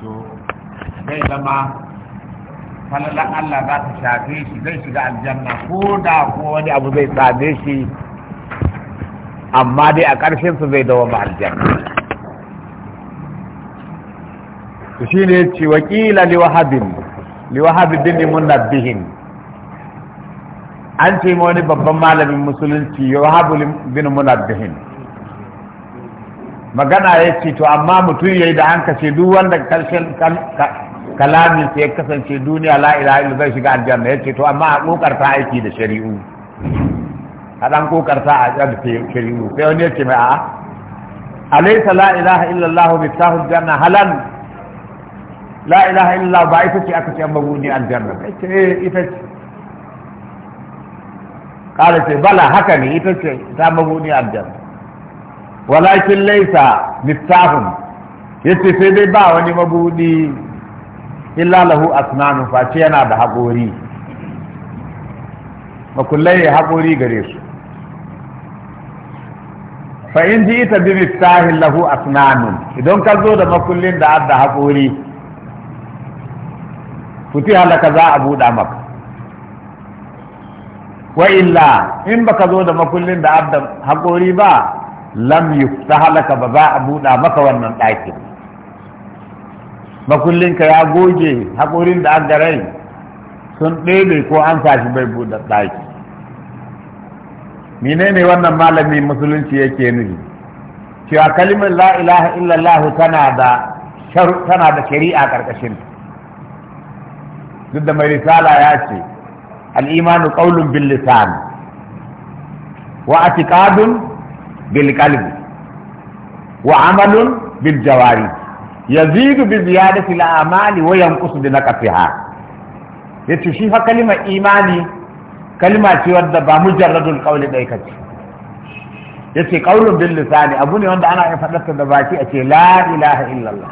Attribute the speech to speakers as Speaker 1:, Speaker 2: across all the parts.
Speaker 1: to zai zama falalar Allah za ta shafe shi zai shiga aljanna ko da ko wani abu zai same shi amma dai a ƙarshen su zai dawo ma aljanna to shi ne ce wakila liwahabin liwahabin bin munabbihin an ce ma wani babban malamin musulunci yawahabu bin munabbihin magana ya ce to amma mutum ya yi da hankace duk wanda karshen kalamin sai ya kasance duniya la ilaha illa zai shiga aljanna ya ce to amma a kokarta aiki da shari'u a dan kokarta a da shari'u sai wani ya ce mai a'a alaysa la ilaha illa allah miftahu aljanna halan la ilaha illa ba ita ce aka ce mabuni aljanna sai ce eh, ita ce kare ce bala haka ne ita ce ta mabuni aljanna walakin laisa miftahun yace sai dai ba wani mabudi illa lahu asnanu face yana da haƙori makullai ya haƙori gare su fa in ji ita bi miftahin lahu asnanu idan ka zo da makullin da adda haƙori kuti halaka za a buɗa maka wa illa in baka zo da makullin da adda haƙori ba lam ta laka ba za a buɗa maka wannan ɗakin makullinka ya goge haƙorin da an garai sun ɗebe ko an sashi bai buɗa ɗaki menene wannan malami musulunci yake nufi cewa kalimar la ilaha illallah tana da tana da shari'a karkashin duk da mai risala ya ce al-imanu qawlun bil lisan wa i'tiqadun bil qalbi wa amalun bil jawari yazidu bi ziyadati al amali wa yanqusu bi naqsiha yace shi fa kalimar imani kalima ce wadda ba mujarradul qawli dai kace yace qaulun bil lisani abu ne wanda ana faɗarsa da baki a ce la ilaha illallah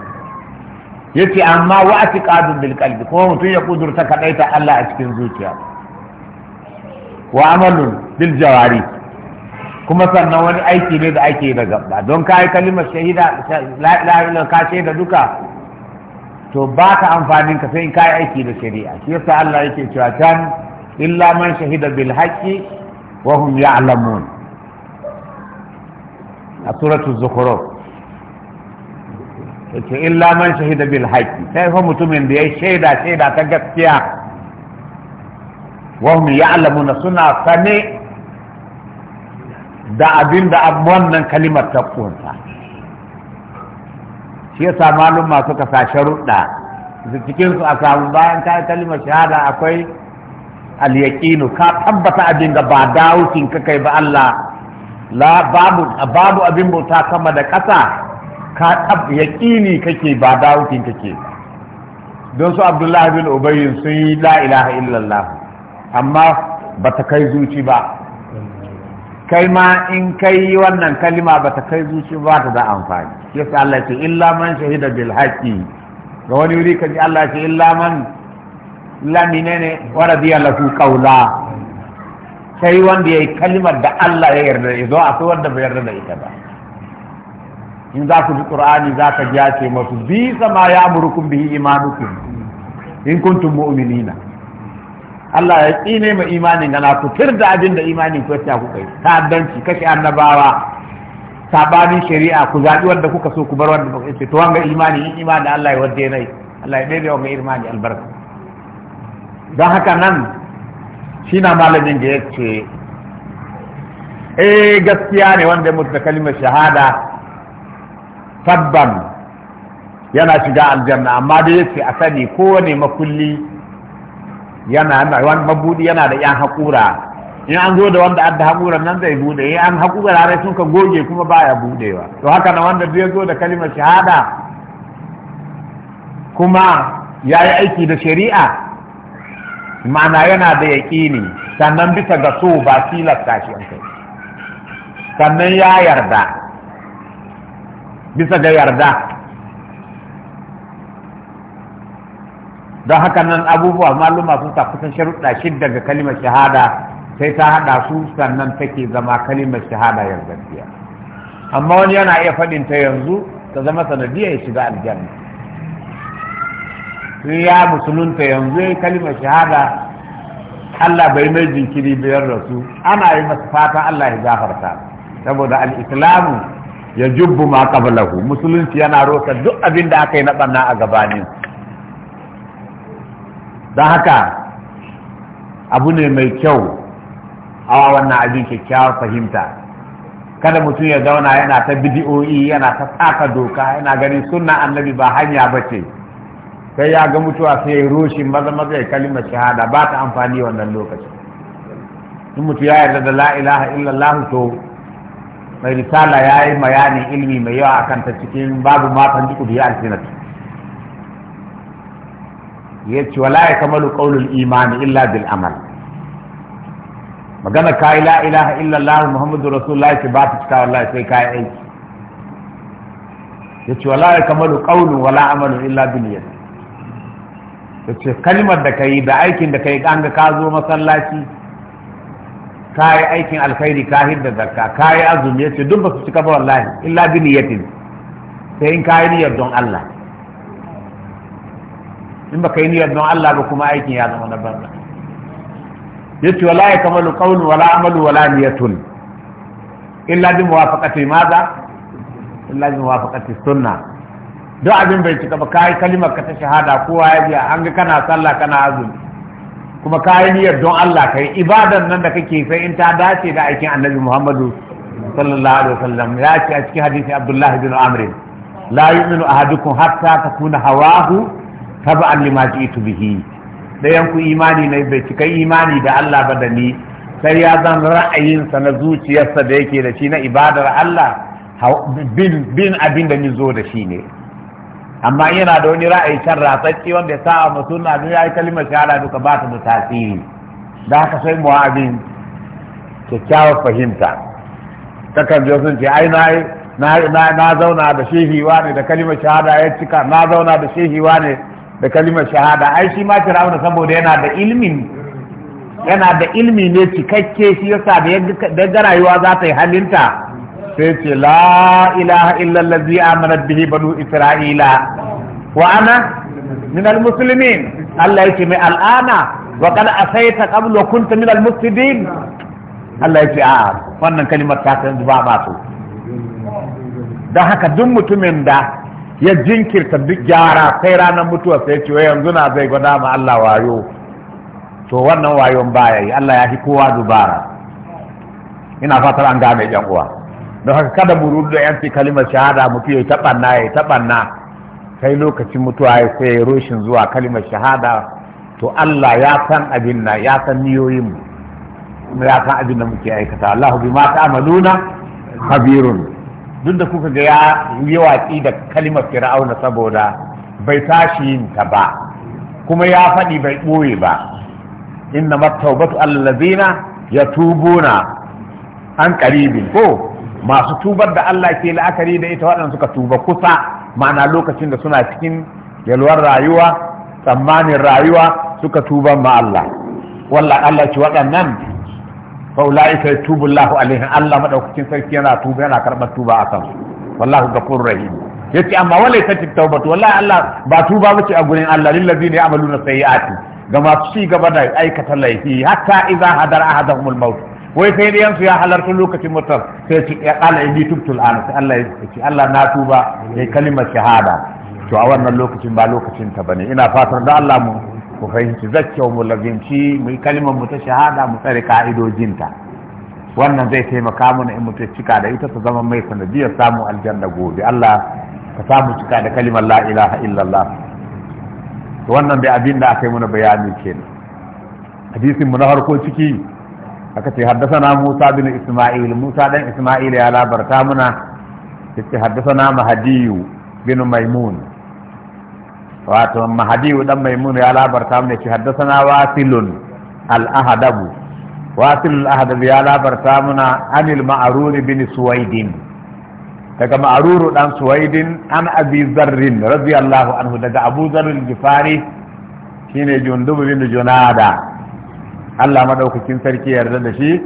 Speaker 1: yace amma wa atiqadun bil qalbi kuma mutum ya kudurta kadaita Allah a cikin zuciya wa amalun bil jawari kuma sannan wani aiki ne da ake da gaba don ka yi kalimar shahida la'ilar ka da duka to ba ka amfanin ka sai ka yi aiki da shari'a shi yasa Allah yake cewa can illa man shahida bil haqqi wa hum ya'lamun a suratul zukhruf yace illa man shahida bil haqqi sai fa mutumin da ya shaida shaida ta gaskiya wa hum ya'lamuna suna sane da abin da wannan kalimar ta kunsa shi yasa maluma masu sa sharuɗa cikin su a samu bayan ka kalimar shahada akwai al ka tabbata abin da ba dawucin ka kai ba Allah babu babu abin bauta sama da ƙasa ka tab yaqini kake ba dawucin kake don su Abdullahi bin Ubay sun yi la ilaha illallah amma bata kai zuci ba kai ma in kai wannan kalima ba ta kai zuci ba ta da amfani Ya sa Allah ce illa man shahida bil haqqi ga wani wuri kaji Allah ce illa man lamine ne wa radiya lahu qawla Kai wanda yayi kalimar da Allah ya yarda da a akwai wanda bai yarda da ita ba in za ku ji qur'ani za ka ji ce masu bi sama ya amurukum bihi imanukum in kuntum mu'minina Allah ya tsine ma imanin gana ku fir da abin da imanin ku ya kuka yi ta'addanci kashe annabawa sabanin shari'a ku zaɓi wanda kuka so ku bar wanda kuka ce to wanga imani in imani Allah ya wadde nai Allah ya ɗebe da mai imani albarka don haka nan shi na malamin da ya ce eh gaskiya ne wanda ya mutu da kalimar shahada tabban yana shiga aljanna amma da ya ce a sani kowane makulli yana wani mabudi yana da yan hakura in an zo da wanda adda haƙura nan zai bude in an haƙura rai sun ka goge kuma baya budewa to haka na wanda zai zo da kalimar shahada kuma ya yi aiki da shari'a ma'ana yana da yaƙini sannan bisa ga so ba tilasta shi an kai sannan ya yarda bisa ga yarda don haka nan abubuwa maluma sun sa kusan sharuɗa shidda ga kalimar shahada sai ta haɗa su sannan take zama kalimar shahada gaskiya amma wani yana iya faɗin ta yanzu ta zama sanadiyar ya shiga aljanna Sun ya musulunta yanzu ya yi kalimar shahada Allah bai mai jinkiri biyar da su ana yi masu fatan Allah ya gafarta saboda al-islamu ya jubbu ma qablahu musulunci yana rosa duk abin da aka yi na ɓanna a gabanin don haka abu ne mai kyau a wannan abin kyakkyawar fahimta kada mutum ya zauna yana ta bidiyoyi yana ta tsaka doka yana ganin sunna annabi ba hanya ba ce sai ya ga mutuwa sai ya roshin maza maza ya kalimar shahada ba ta amfani wannan lokaci in mutu ya yarda da la illallah to mai risala ya yi bayanin ilimi mai yawa akan ta cikin babu matan duku biya alfinatu ya ce wala ya kamalu qaulul imani illa bil amal magana kai la ilaha illa allah muhammadu rasulullahi ce ba ta cika wallahi sai kai aiki ya ce wala ya kamalu qaulun wala amalu illa bil yad ya ce kalmar da kai da aikin da kai an ga ka zo masallaci ka yi aikin alkhairi ka hidda zakka ka yi azumi ya ce duk ba su cika ba wallahi illa bi niyatin sai in ka yi niyyar don Allah in baka yi niyyar don Allah ba kuma aikin ya zama na banza yace wala ya kamalu qawlu wala amalu wala niyatun illa bi muwafaqati maza illa bi muwafaqati sunna duk abin bai cika ba kai kalimar ka ta shahada kowa ya ji an ga kana sallah kana azumi kuma kai niyyar don Allah kai ibadan nan da kake sai in ta dace da aikin Annabi Muhammadu sallallahu alaihi wasallam ya ce a cikin hadisi Abdullah bin Amr la yu'minu ahadukum hatta takuna hawahu taba'an lima ji'tu bihi dayan ku imani ne bai cika imani da Allah ba da ni sai ya zan ra'ayinsa na zuciyarsa da yake da shi na ibadar Allah bin bin abin da ni zo da shi ne amma yana da wani ra'ayi can ratsacci wanda ya sa mu sunna ya yayi kalmar shahada duka ba ta da tasiri da haka sai mu abin kyakkyawar fahimta takan je sun ce ai na na zauna da shehiwa ne da kalmar shahada ya cika na zauna da shehiwa ne da kalimar shahada ai shi ma rauna saboda yana da ilmin yana da ilmi ne cikakke shi yasa da yadda rayuwa za ta yi halinta sai ce la ilaha zai amanat bihi banu isra'ila wa ana min almuslimin Allah yake mai al'ana wa qad asaita qabla kunta min almufsidin Allah yake a wannan kalimar ta kan ba ba so don haka duk mutumin da ya jinkirta duk gyara sai ranar mutuwa sai ce yanzu na zai gwada ma Allah wayo to wannan wayon baya yi Allah ya fi kowa dubara ina fatar an gane yan uwa don haka kada mu rudu da yanci kalimar shahada mutu ya na ya na sai lokacin mutuwa ya sai roshin zuwa kalimar shahada to Allah ya san abin na ya san niyoyin mu ya san abin da muke aikata Allahu bima ta'maluna khabirun duk da kuka ga ya yi watsi da kalimar fir'auna saboda bai tashi yin ta ba kuma ya faɗi bai ɓoye ba inna mattaubatu allazina yatubuna an qaribin ko masu tubar da Allah ke la'akari da ita waɗanda suka tuba kusa ma'ana lokacin da suna cikin yalwar rayuwa tsammanin rayuwa suka tuba ma Allah wallah Allah ce waɗannan fa ulaika yatubu Allahu alaihim Allah madaukakin sarki yana tuba yana karbar tuba akan su wallahu ghafurur rahim yace amma walaysa tawbatu wallahi Allah ba tuba bace a gurin Allah lil ladina ya'maluna sayyi'ati ga masu ci gaba da aikata laifi hatta idza hadara ahaduhum al-maut wai sai dai ya halarta lokacin mutum kala ci ya qala inni tubtu Allah ya ce Allah na tuba ya kalimar shahada to a wannan lokacin ba lokacin ta bane ina fatan da Allah mu mu fahimci zaccau mu lazimci mu yi kalmar mu ta shahada mu tsare ka'idojinta wannan zai taimaka mana in ta cika da ita ta zama mai sanadiyar samun aljanna gobe Allah ka samu cika da kalimar la ilaha illallah wannan da abin da aka yi muna bayani kenan hadisin mu na harko ciki aka ce haddasa Musa bin Isma'il Musa dan Isma'il ya labarta muna yace haddasa na Mahdiyu bin Maimun wato mahadiyu dan maimun ya labarta mana ce haddasana wasilun al-ahadabu wasilul ahadabu ya labarta mana anil ma'rur bin suwaidin daga ma'rur dan suwaidin an abi zarrin radiyallahu anhu daga abu zarrin gifari shine jundubu bin junada Allah madaukakin sarki yarda da shi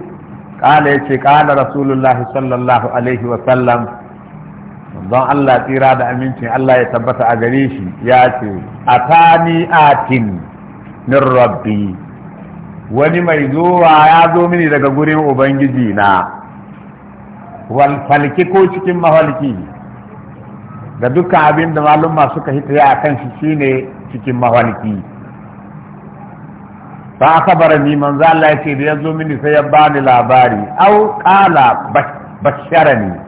Speaker 1: قال يتي قال رسول الله صلى الله عليه وسلم don Allah tsira da amincin Allah ya tabbata a gare shi ya ce a a atin min rabbi wani mai zuwa ya zo mini daga gurin ubangiji na falki ko cikin mahalki da dukkan abin da malumma suka hita ya kan shi shine cikin Ba a akabara ni manzo Allah ya ce da ya zo mini sai ya bani labari au bashara basharani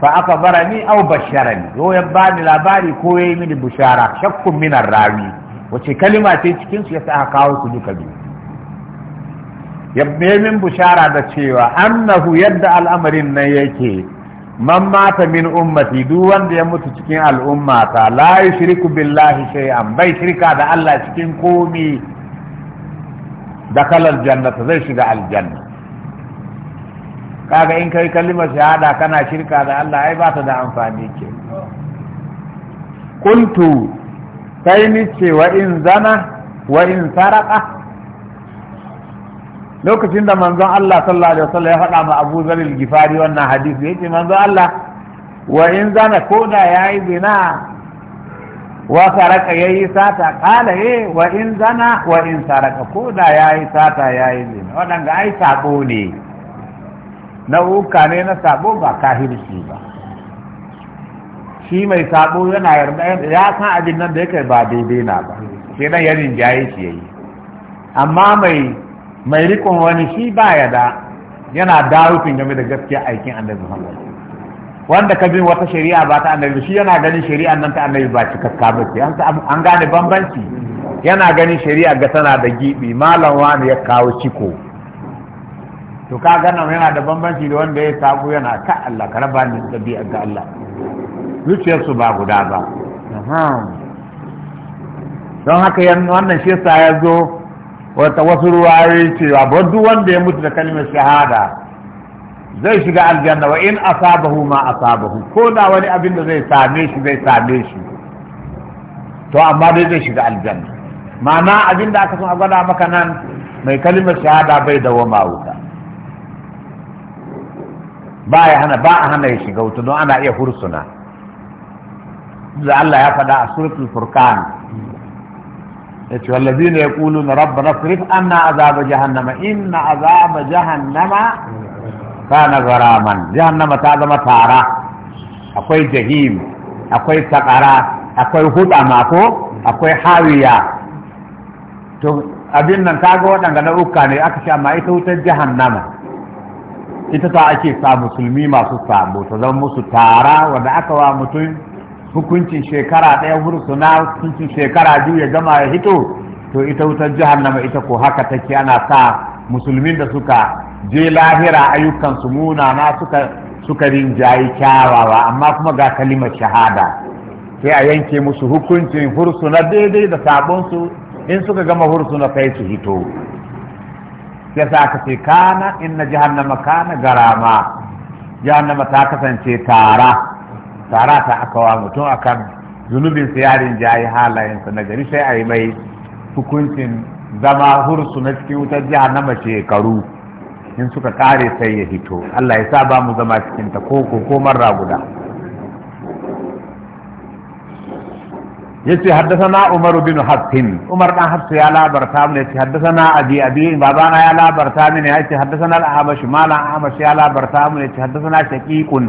Speaker 1: fa aka bara ni au basharani yo ya bani labari ko yayi mini bushara shakkun mina rawi wace kalima ce cikin su yasa aka kawo su duka biyu ya min bushara da cewa annahu yadda al'amarin nan yake man mata min ummati duk wanda ya mutu cikin al'ummata la yushriku billahi shay'an bai shirka da Allah cikin komi da kalar jannata zai shiga aljanna kaga in kai kalimar shahada kana shirka da Allah ai ba ta da amfani ke kuntu sai ni ce wa in zana wa in saraka lokacin da manzon Allah sallallahu alaihi wasallam ya faɗa ma Abu Zar al-Ghifari wannan hadisi yace manzon Allah wa in zana ko da yayi zina wa saraka yayi sata kala eh wa in zana wa in saraka ko da yayi sata yayi zina wadanga ai sabo ne wuka ne na sabo ba kahirci ba shi mai sabo yana yarda ya san abin nan da yake ba daidai na ba sai nan ya rinjaye shi yayi amma mai mai rikon wani shi ba ya da yana darufin game da gaskiya aikin annabi Muhammad wanda ka bin wata shari'a ba ta annabi shi yana ganin shari'a nan ta annabi ba cikakka ba ce an gane bambanci yana ganin shari'a ga tana da gibi malam wani ya kawo ciko to ka gana yana da bambanci da wanda ya sabu yana ka Allah ka raba ni dabi'a ga Allah su ba guda ba don haka yan wannan shi yasa ya zo wata wasu ruwa ruwayoyi cewa ba duk wanda ya mutu da kalmar shahada zai shiga aljanna wa in asabahu ma asabahu ko da wani abin da zai same shi zai same shi to amma dai zai shiga aljanna ma'ana abin da aka sun a gwada maka nan mai kalmar shahada bai dawo wuta ba ya hana ba a hana ya shiga wuta don ana iya hursuna da Allah ya faɗa a suratul furqan na rabba na rabbana an na azaba jahannama na azaba jahannama na zaraman jahannama ta zama tara akwai jahim akwai takara akwai huda mako akwai hawiya to abin nan kaga waɗanda nau'uka ne aka ce amma ita wutar jahannama ita ta ake sa musulmi masu sabo ta zama musu tara wanda aka wa mutum hukuncin shekara ɗaya hursuna hukuncin shekara biyu ya gama ya hito to ita wutar jahannama ita ko haka take ana sa musulmin da suka je lahira ayyukan su munana suka suka rinjayi kyawawa amma kuma ga kalimar shahada sai a yanke musu hukuncin hursuna daidai da sabon su in suka gama hursuna sai su hito ya sa ka ce kana inna jahannama kana garama jahannama ta kasance tara tara ta aka wa mutum akan zunubin su yarin jayi halayensa na gari sai a yi mai hukuncin zama hursu na cikin wutar jahannama shekaru in suka kare sai ya hito Allah ya sa ba mu zama cikin ta koko ko marra guda yace haddathana Umar bin Hafsin Umar dan Hafs ya labarta mun yace haddathana Abi Abi babana ya labarta mun yace haddathana Al-Ahmash malan Ahmash ya labarta mun yace haddathana Shaqiqun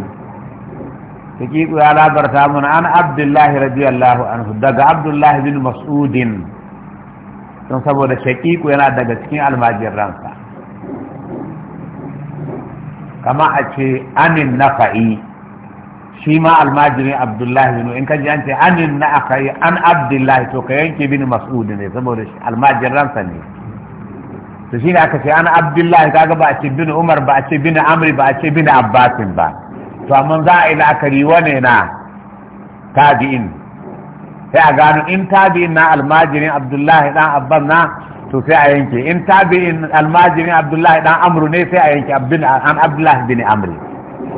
Speaker 1: Shaqiqu ya labarta mun an Abdullah radiyallahu anhu daga Abdullah bin masudin don saboda shakiku yana daga cikin almajiransa kama a ce anin nafa'i shi ma almajirin abdullahi bin in ka an ce anin na aka yi an abdullahi to ka yanke bin Mas'udu ne saboda almajirin ransa ne to shi ne aka ce an abdullahi kaga ba a ce bin umar ba a ce bin amri ba a ce bin abbasin ba to amma za a yi la'akari wane na tabi'in sai a gano in tabi'in na almajirin abdullahi dan abbas na to sai a yanke in tabi'in almajirin abdullahi dan amru ne sai a yanke an abdullahi bin amri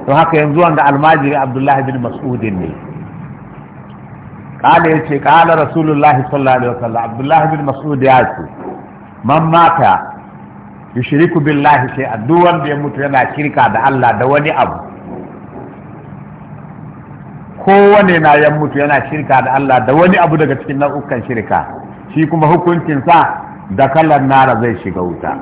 Speaker 1: to haka yanzu wanda almajiri abdullahi bin mas'udin ne kala ya ce kala rasulullahi sallallahu alaihi wasallam abdullahi bin mas'ud ya ce man mata yushriku billahi sai duk wanda ya mutu yana shirka da Allah da wani abu kowane na ya mutu yana shirka da Allah da wani abu daga cikin nau'ukan shirka shi kuma hukuncinsa da kalan nara zai shiga wuta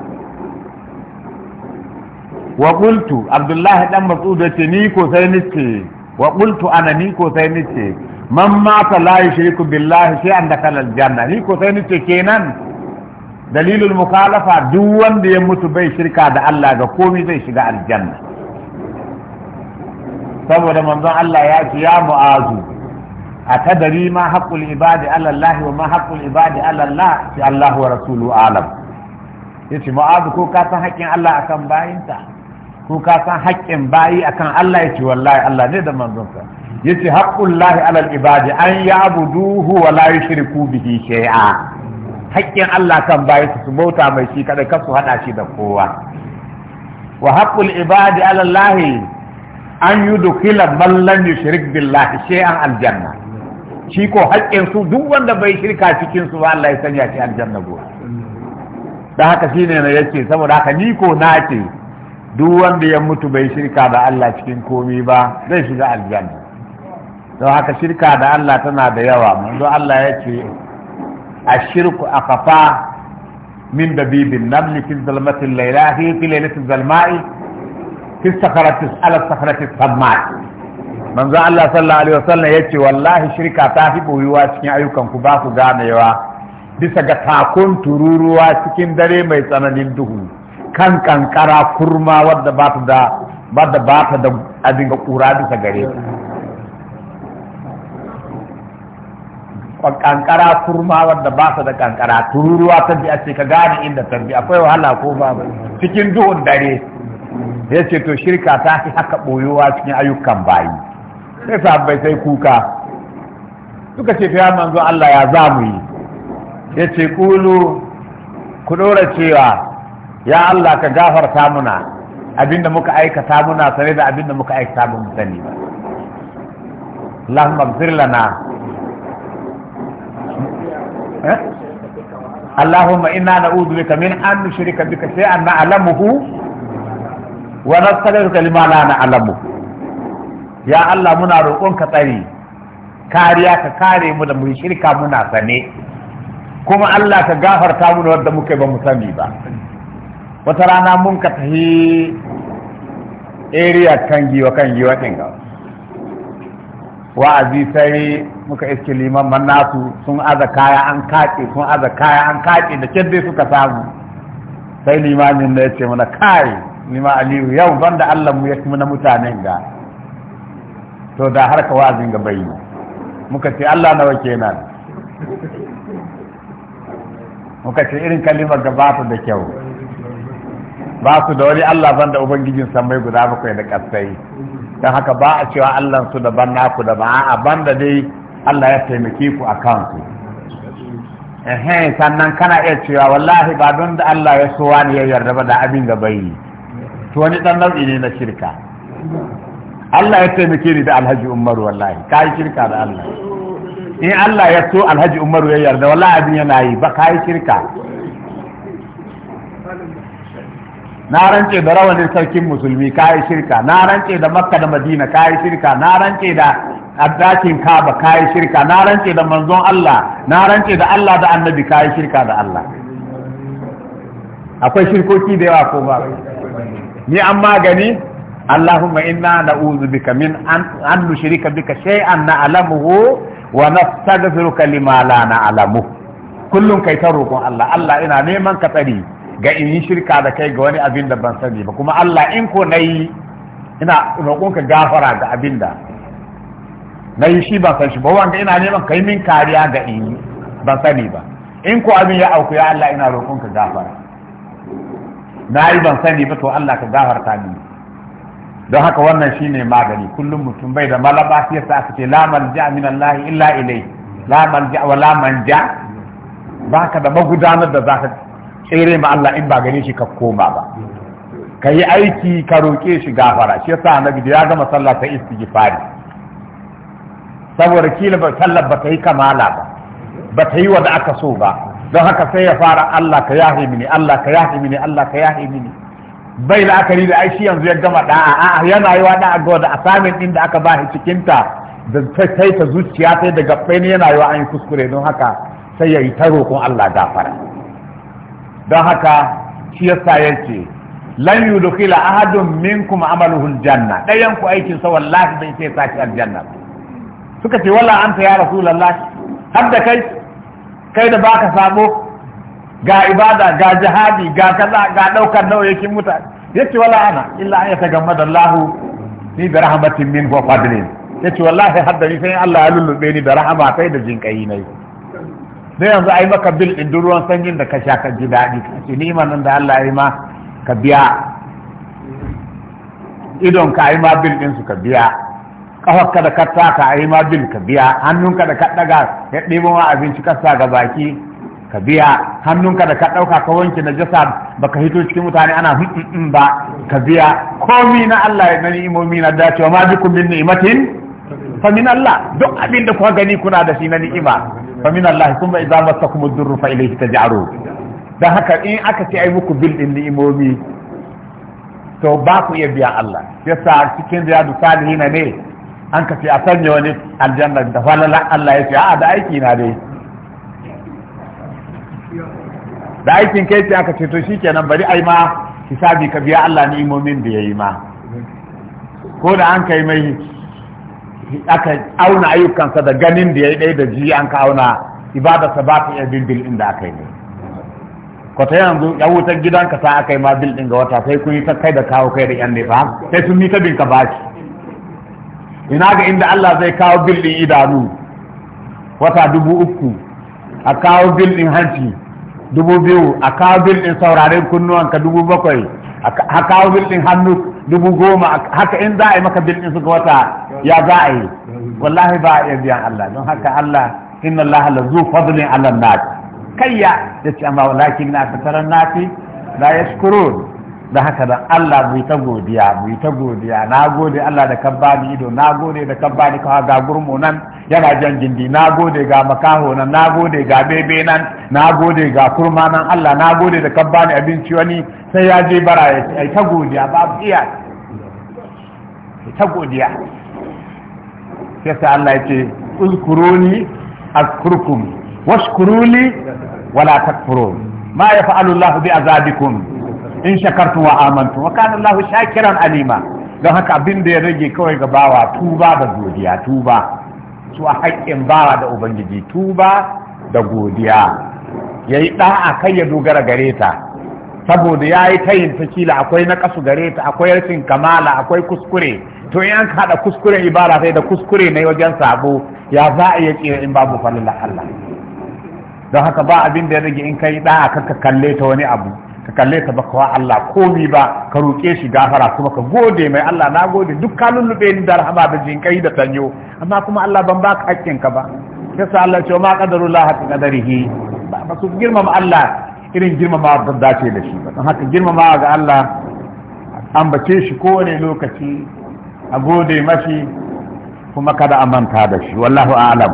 Speaker 1: wa qultu abdullahi dan mas'ud ce ni ko sai ni ce wa qultu ana ni ko ni ce man mata la yushriku billahi shay'an dakhala aljanna ni ko ni ce kenan dalilul mukalafa duk wanda ya mutu bai shirka da Allah ga komai zai shiga aljanna saboda manzon Allah ya ya mu'azu أتدري ما حق العباد على الله وما حق العباد على الله في الله ورسوله أعلم يتي معاذ كو كاتا حقين الله أكم باينتا ko ka san haƙƙin bayi akan Allah yace wallahi Allah ne da manzonsa yace haqqullahi alal ibadi an ya'buduhu wa la yushriku bihi shay'a haƙƙin Allah kan bayi su bauta mai shi kada ka su hada shi da kowa wa haqqul ibadi ala Allah an yudkhila man lam yushrik billahi shay'an aljanna shi ko haƙƙin su duk wanda bai shirka cikin su Allah ya sanya shi aljanna go da haka shine ne yace saboda haka ni ko na ce duk wanda ya mutu bai shirka da Allah cikin komi ba zai shiga aljanna don haka shirka da Allah tana da yawa manzo Allah ya ce a ashirku akafa min dabibin namli fi zalmatin laila fi lailatin zalma'i fi sakarati ala sakarati samma'i manzo Allah sallallahu alaihi wasallam ya ce wallahi shirka ta fi boyuwa cikin ayyukan ku ba ku ganewa bisa ga takun tururuwa cikin dare mai tsananin duhu kan kankara kurma wadda ba ta da ba da ba ta da abin ga kura bisa gare ta kankara kurma wadda ba ta da kankara tururuwa ta bi a ce ka gane inda ta bi akwai wahala ko ba cikin duhun dare ya ce to shirka ta fi haka boyowa cikin ayyukan bayi sai sabbai sai kuka suka ce ya manzo Allah ya za mu yi ya ce kulu ku ɗora cewa ya Allah ka gafarta muna abinda muka aikata muna sane da abinda muka aikata mu sani ba Allahumma ighfir lana
Speaker 2: eh? Allahumma
Speaker 1: inna na'udhu bika min an nushrika bika shay'an na'lamuhu wa nastaghfiruka lima la na'lamu ya Allah muna roƙon ka tsari kariya ka kare mu da mu shirka muna sane kuma Allah ka gafarta mu da wanda muke ba mu sani ba wata rana mun ka tafi area kan giwa kan giwa ɗin ga wa'azi sai muka iske liman nasu sun aza kaya an kaƙe sun aza kaya an kaƙe da dai suka samu sai limamin na ya ce mana kai nima aliyu yau ban da allah mu ya kuma na mutanen ga to da harka wa'azin ga bai yi muka ce allah nawa kenan muka ce irin kalimar gabata da kyau ba su da wani Allah da ubangijin samai guda bakwai da kasai don haka ba a cewa Allah su daban naku da ba a da dai Allah ya taimake ku a kansu Ehen sannan kana iya cewa wallahi ba don da Allah ya so wani ya yarda ba da abin da bai yi to wani dan nau'i ne na shirka Allah ya taimake ni da Alhaji Umaru wallahi ka yi shirka da Allah in Allah ya so Alhaji Umaru ya yarda wallahi abin yana yi ba ka yi shirka na rance da rawanin sarkin musulmi kayi shirka na rance da makka da madina kayi shirka na rance da addakin kaba kayi shirka na rance da manzon Allah na rance da Allah da annabi kayi shirka da Allah akwai shirkoki da yawa ko ba ni an magani Allahumma inna na'udhu bika min an nushrika bika shay'an na'lamuhu wa nastaghfiruka lima la na'lamu kullun kai ta roƙon Allah Allah ina neman ka tsari ga in yi shirka da kai ga wani abin da ban sani ba kuma Allah in ko nayi ina ka gafara ga abin da nayi shi ban san shi ba wanda ina neman kai min kariya ga in yi ban sani ba in ko abin ya auku ya Allah ina roƙon ka gafara na yi ban sani ba to Allah ka gafarta ni don haka wannan shine magani kullum mutum bai da malaba sai yasa aka ce la malja min Allah illa ilai la malja wa la manja baka da magudanar da zaka tsere ma Allah in ba gare shi ka koma ba ka yi aiki ka roƙe shi gafara shi yasa annabi ya gama sallah ta istighfari saboda kila ba sallar ba ta yi kamala ba ba ta yi wa da aka so ba don haka sai ya fara Allah ka yahi mini Allah ka yahi mini Allah ka yahi mini bai la'akari da aishi yanzu ya gama da a yana yi wa da'a aka da asamin din da aka ba shi cikin ta da sai ta zuciya sai daga ne yana yi wa an yi kuskure don haka sai ya yi ta roƙon Allah gafara don haka shi yasa ce, lan yi yudkhila ahadun kuma amaluhun janna, ɗayan ku aikin sa wallahi bai sai saki aljanna suka ce walla anta ya rasulullah har da kai kai da baka sabo ga ibada ga jihadi ga kaza ga daukar nauyakin mutane yace wala ana illa an yatagammada Allah ni bi rahmatin min wa fadlin yace wallahi har da ni sai Allah ya lullube ni da rahama sai da jinkai nayi da yanzu ai maka bil din ruwan sanyin da ka sha ka ji daɗi ce nan da Allah ya ma ka biya idon ka ai ma bil din su ka biya kafar ka da ka taka ai ma bil ka biya hannun ka da ka daga ya ɗebo ma abinci ka sa ga baki ka biya hannun ka da ka ɗauka ka wanke na jasa baka hito cikin mutane ana hun ba ka biya komi na Allah ya na imomi na dacewa ma bikum min ni'matin fa min Allah duk abin da kuka gani kuna da shi na ni'ima fa Allah kuma idza masakum ad-durru fa ilayhi taj'aru dan haka in aka ce ai muku bil din ni'imomi to ba ku iya biya Allah yasa cikin riyadu salihina ne an ka ce a sanya wani aljanna da falala Allah ya ce a da aiki na dai da aikin kai ce aka ce to shikenan bari ai ma hisabi ka biya Allah ni'imomin da yayi ma ko da an kai mai aka auna ayyukansa da ganin da ya yi ɗaya da ji an ka auna ibadarsa ba ta iya bin bil ɗin da aka yi ne kwata yanzu ya wutar gidanka ta aka yi ma bil ɗin ga wata sai kun yi ta kai da kawo kai da yan nefa sai sun yi ta bin ka baki ina ga inda Allah zai kawo bil ɗin idanu wata dubu uku a kawo bil ɗin hanci dubu biyu a kawo bil ɗin sauraren kunnuwanka dubu bakwai a kawo bil ɗin hannu dubu goma haka in za a yi maka bil ɗin suka wata ya za a yi wallahi ba a iya biyan Allah don haka Allah inna Allah la zu fadlin ala nas kayya yace amma walakin na fataran nafi la yashkurun da haka da Allah bai ta godiya bai ta godiya na gode Allah da kan bani ido na gode da kan bani kawa ga gurmu nan yana jan gindi na gode ga makaho nan na gode ga bebe nan na gode ga kurma nan Allah na gode da kan bani abinci wani sai ya je bara ya ta godiya babu iya ta godiya sai sai Allah ya ce uzkuruni azkurkum washkuruni wala takfurun ma fa'alu Allah bi azabikum in shakartum wa amantum wa kana Allah shakiran alima don haka abin da ya rage kawai ga bawa tuba da godiya tuba su a haƙƙin bawa da ubangiji tuba da godiya yayi a kai ya dogara gare ta saboda ya yi tayin fakila akwai na kasu gare ta akwai rashin kamala akwai kuskure to in an kaɗa kuskuren ibada sai da kuskure na wajen sabo ya za a yi kira in babu falala Allah don haka ba abin da ya rage in kai da kan ka kalle ta wani abu ka kalle ta baka wa Allah komi ba ka roƙe shi gafara kuma ka gode mai Allah na gode duk ka lullube ni da rahama da jinkai da tanyo amma kuma Allah ban baka hakkin ka ba yasa Allah ce ma qadarullah haqqi qadarihi ba su girmama Allah irin girmama da dace da shi ba don haka girmama ga Allah ambace shi kowane lokaci a gode mashi kuma kada a manta da shi wallahu a'lam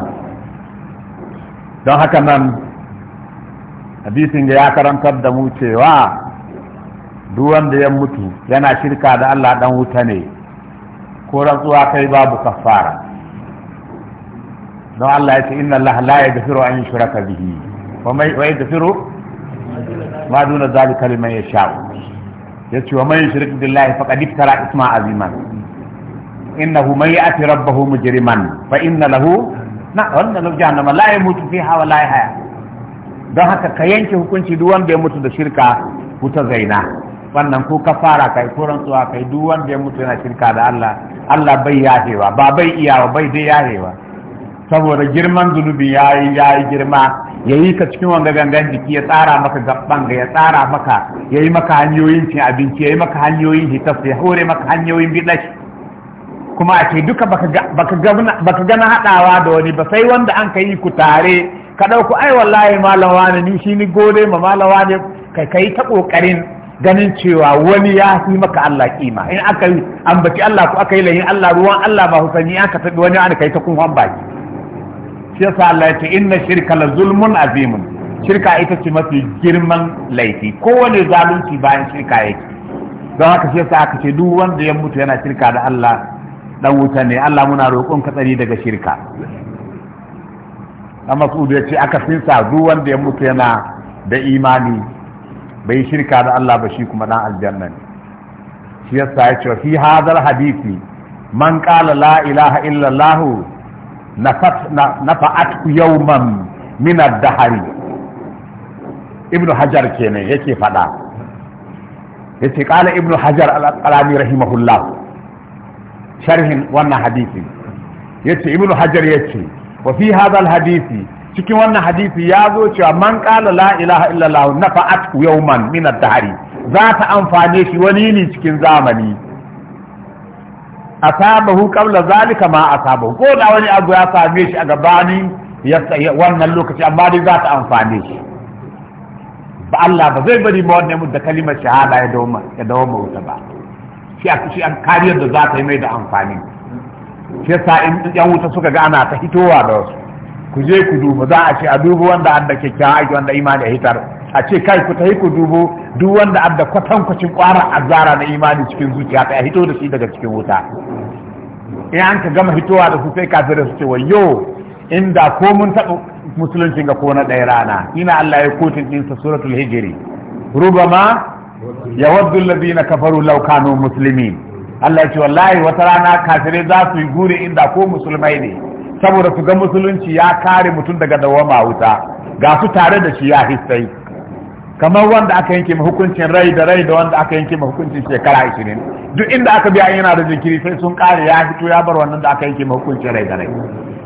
Speaker 1: don haka nan hadisin da ya karantar da mu cewa duk wanda ya mutu yana shirka da Allah dan wuta ne ko rantsuwa kai babu kafara don Allah ya ce inna Allah la yaghfiru an yushraka bihi wa mai wa yaghfiru ma duna zalika liman yasha ce wa mai yushrik billahi faqad iftara isma aziman innahu man ya'ti rabbahu mujriman fa inna lahu na wannan jahannama la yamutu fiha wa la yahya don haka ka yanke hukunci duk wanda ya mutu da shirka wuta zaina wannan ko kafara kai ko rantsuwa kai duk wanda ya mutu yana shirka da Allah Allah bai yahewa ba bai iyawa bai dai yafewa saboda girman zunubi ya yi girma ya yi ka cikin wanga gangan jiki ya tsara maka gaban ga ya tsara maka ya yi maka hanyoyin cin abinci ya yi maka hanyoyin hitaf ya hore maka hanyoyin bidashi kuma a ce duka baka gana haɗawa da wani ba sai wanda an ka yi ku tare ka ɗauku ai wallahi malawa ne ni shi ni gode ma malawa ne ka kai ta ƙoƙarin ganin cewa wani ya fi maka Allah kima in aka yi ambaci Allah ku aka yi layin Allah ruwan Allah ba husani an ka tabi wani an kai ta kun baki shi yasa Allah ya ce inna shirka la zulmun azimun shirka ita ce mafi girman laifi kowane zalunci bayan shirka yake don haka shi yasa aka ce duk wanda ya mutu yana shirka da Allah dan wuta ne Allah muna roƙon ka tsari daga shirka amma su ya ce aka sinsa duk wanda ya mutu yana da imani bai shirka da Allah ba shi kuma dan aljanna ne shi yasa ya ce fi hadal hadisi man qala la ilaha illa Allah nafa'at yawman min ad-dahri ibnu hajar kenan yake fada yace qala ibnu hajar al-asqalani rahimahullah sharhin wannan hadisi yace ibnu hajar yace wa fi hadha hadisi cikin wannan hadisi ya zo cewa man qala la ilaha illallah nafa'atku yawman min ad-dahri za ta amfane shi wani ne cikin zamani asabahu qabla zalika ma asabahu ko da wani abu ya same shi a gabani wannan lokaci amma dai za ta amfane shi ba Allah ba zai bari ma wannan da kalimar shahada ya dawo ya dawo ba shi a shi an kariyar da za ta yi mai da amfani shi yasa in yan wuta suka ga ana ta hitowa da wasu ku je ku duba za a ce a dubu wanda adda kyakkyawa aiki wanda imani ya hitar a ce kai ku tafi ku dubu duk wanda adda kwatankwacin kwara zara na imani cikin zuciya ta hito da shi daga cikin wuta in an ka gama hitowa da su sai kafin su ce wayo inda ko mun taɓa musulunci ga ko na ɗaya rana ina Allah ya kotun ɗinsa suratul hijiri rubama yawaddu na kafaru law kanu muslimin Allah ya ce wallahi wata rana kafirai za su yi gure inda ko musulmai ne saboda su ga musulunci ya kare mutum daga dawama wuta ga su tare da shi ya hissai kamar wanda aka yanke ma hukuncin rai da rai da wanda aka yanke ma hukuncin shekara 20 duk inda aka biya yana da jinkiri sai sun kare ya fito ya bar wannan da aka yanke ma hukuncin rai da rai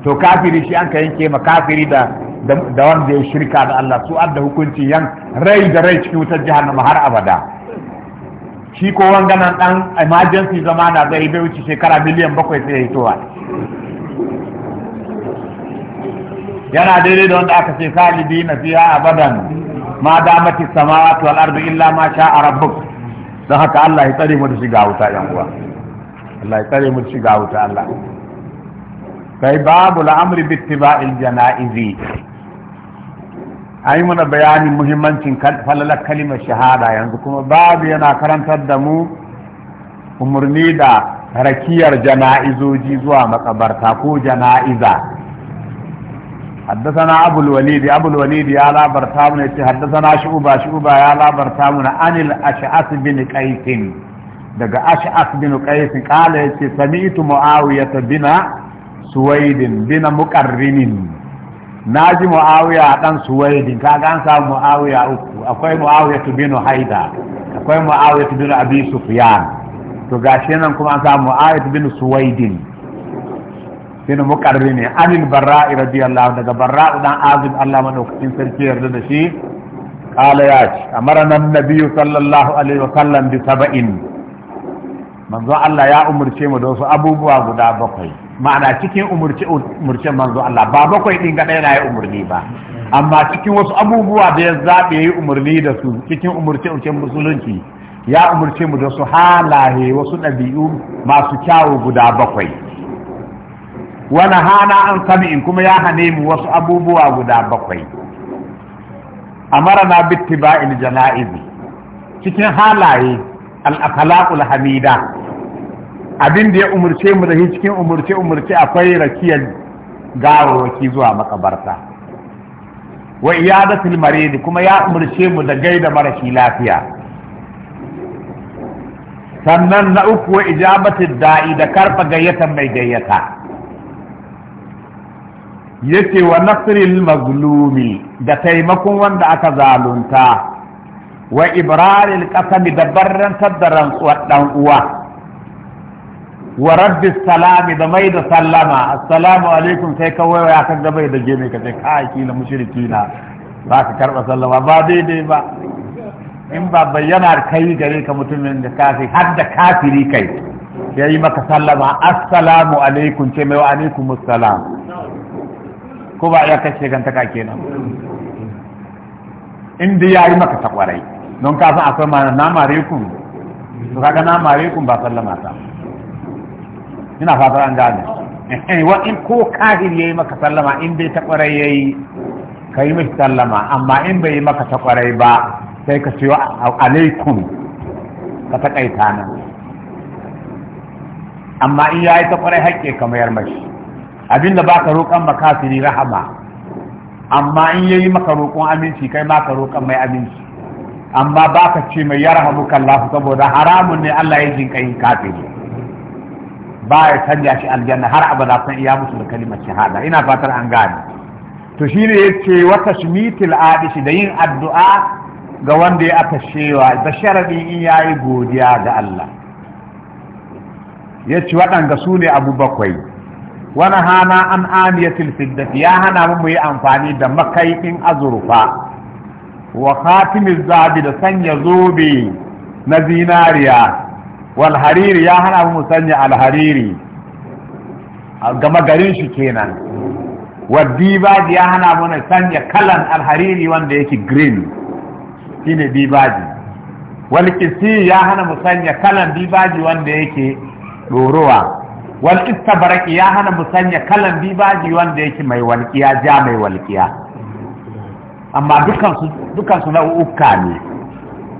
Speaker 1: to kafiri shi an ka yanke ma kafiri da da wanda ya shirka da Allah su adda hukunci yan rai da rai cikin wutar jahannama har abada shi ko wanganan dan emergency zamana zai bai wuce shekara miliyan bakwai sai ya hitowa yana daidai da wanda aka ce salibi na fiya abadan ma damati samawati wal ardu illa ma sha a rabbuk don haka Allah ya tsare mu da shiga wuta yan uwa Allah ya tsare mu da shiga wuta Allah Kai babu la'amri bittiba'il jana'izi an yi mana bayanin muhimmancin falalar kalimar shahada yanzu kuma babu yana karantar da mu umarni da rakiyar jana'izoji zuwa makabarta ko jana'iza haddasa na abulwalidi abulwalidi ya labarta mu ne ce haddasa na shuba ya labarta mu na anil ash'as bin qais daga ash'as bin qais qala yace sami'tu muawiya bina suwaidin bina muqarrinin na ji mu'awiya dan suwaidin kaga an samu mu'awiya uku akwai mu'awiya binu haida akwai mu'awiya binu abi sufyan to gashi nan kuma an samu mu'awiya binu suwaidin bin ne anil barra'i radiyallahu daga barra'u dan azib Allah madaukakin sarki yarda da shi kala ya ci ce nan nabiyyu sallallahu alaihi wa sallam bi saba'in manzo Allah ya umurce mu da wasu abubuwa guda bakwai ma'ana cikin umurce manzo Allah ba bakwai din ga ɗaya na ya umurni ba amma cikin wasu abubuwa da ya zaɓe ya yi umurni da su cikin umurce umurcen musulunci ya umurce mu da su halaye wasu ɗabi'u masu kyawu guda bakwai wani hana an in kuma ya hane mu wasu abubuwa guda bakwai a marana bitti ba'il jana'izi cikin halaye al-akhlaqul hamida abin da ya umarce mu da cikin umurce umurce akwai rakiyar gawarwaki zuwa makabarta wa iyadatul marid kuma ya umarce mu da gaida marashi lafiya sannan na uku wa ijabatul da'i da karfa gayyata mai gayyata yace wa nasril mazlumi da taimakon wanda aka zalunta wa ibraril qasami da barrantar da rantsuwar dan uwa wa rabbi salami da mai da sallama assalamu alaikum sai ka waya kan da bai da je mai ka sai ka kila mushriki na ba ka karba sallama ba daidai ba in ba bayyana kai gare ka mutumin da kafi har da kafiri kai ya yi maka sallama assalamu alaikum ce mai wa alaikum assalam ko ba ya kace ka kenan inda ya yi maka takwarai don kafin akwai ma na mare kun ka ga na mare kun ba sallama ta ina fatar an gane eh, wa in ko kafir yayi maka sallama in bai ta kwarai yayi kai mishi sallama amma in bai yi maka ta kwarai ba sai ka ciyo alaikum ka takaita nan amma in yayi ta kwarai hakke ka mayar mashi abinda baka roƙan makafiri rahama amma in yayi maka roƙon aminci kai ma ka roƙan mai aminci amma baka ce mai yarhamuka Allah saboda haramun ne Allah ya jinka yin kafiri ba ya canja shi aljanna har abada san iya musu da kalimar shahada ina fatar an gane to shine yace wa tashmitil adishi da yin addu'a ga wanda ya aka shewa da sharadin in yayi godiya ga Allah yace waɗanga su ne abu bakwai wani hana an aniyatil fiddati ya hana mu yi amfani da makaikin azurfa wa khatimiz zabi da sanya zobe na zinariya wal hariri ya hana mu sanya al hariri gama garin shi kenan wadibaji ya hana mu sanya kalan al hariri wanda yake green shine dibaji wal kisi ya hana mu sanya kalan dibaji wanda yake ɗorowa wal istabraki ya hana mu sanya kalan dibaji wanda yake mai walƙiya ja mai walƙiya amma dukansu dukansu na uka ne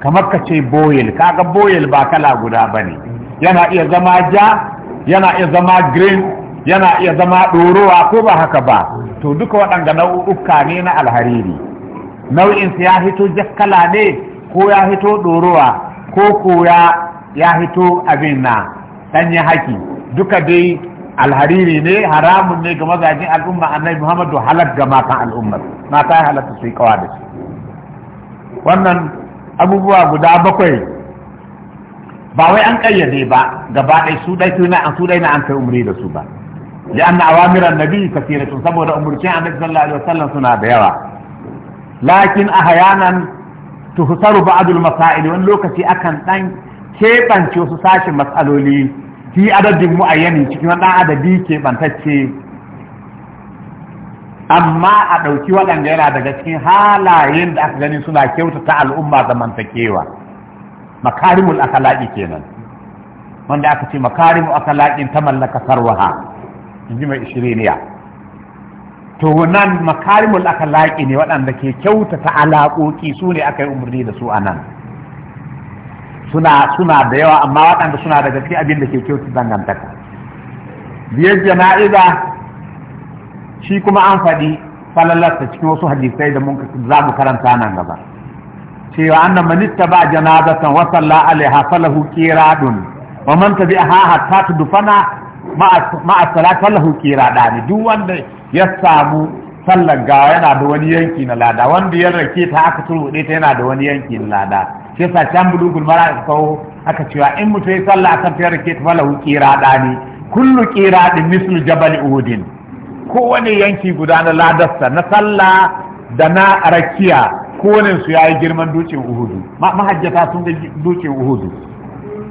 Speaker 1: kamar ka ce boyel kaga boyel ba kala guda ba ne yana iya zama ja yana iya zama green yana iya zama ɗorowa ko ba haka ba to duka waɗanda nau'uka ne na alhariri nau'insa ya hito jakkala ne ko ya hito ɗorowa ko ko ya hito abin na ɗanye haki duka dai alhariri ne haramun ne ga mazajin al'umma annabi muhammadu halar ga matan al'ummar mata ya halatta su yi kawa da shi wannan abubuwa guda bakwai ba wai an kayyade ba gaba ɗai su ɗai na an su ɗai na an kai umri da su ba ya anna awamiran nabi kasiratun saboda umurcin annabi sallallahu alaihi wasallam suna da yawa lakin ahyanan tuhsaru ba'dul masail wani lokaci akan dan keɓance wasu sashin matsaloli fi adadin muayyani cikin wani adadi keɓantacce amma a ɗauki waɗanda yana daga cikin halayen da aka gani suna kyautata al'umma zamantakewa makarimul akalaƙi kenan wanda aka ce makarimul akalaƙin ta mallaka sarwaha ji mai ishiriniya to nan makarimul akalaƙi ne waɗanda ke kyautata alaƙoƙi su ne aka yi umarni da su a nan suna suna da yawa amma waɗanda suna daga cikin abin da ke kyautata dangantaka biyar jana'iza shi kuma an faɗi falalarsa cikin wasu hadisai da mun za mu karanta nan gaba cewa annan manitta ba janazatan wa salla alaiha falahu qiradun wa man aha hatta tudfana ma salat falahu qiradani duk wanda ya samu sallar gawa yana da wani yanki na lada wanda ya rake ta aka turbude ta yana da wani yanki na lada sai sa can bulugul mara kawo aka cewa in mutum ya sallah akan ta rake ta falahu qiradani kullu qiradin mislu jabal Udin. kowane yanki guda na ladarsa na sallah da na rakiya kowane su ya yi girman dukin uhudu mahajjata sun ga dukin uhudu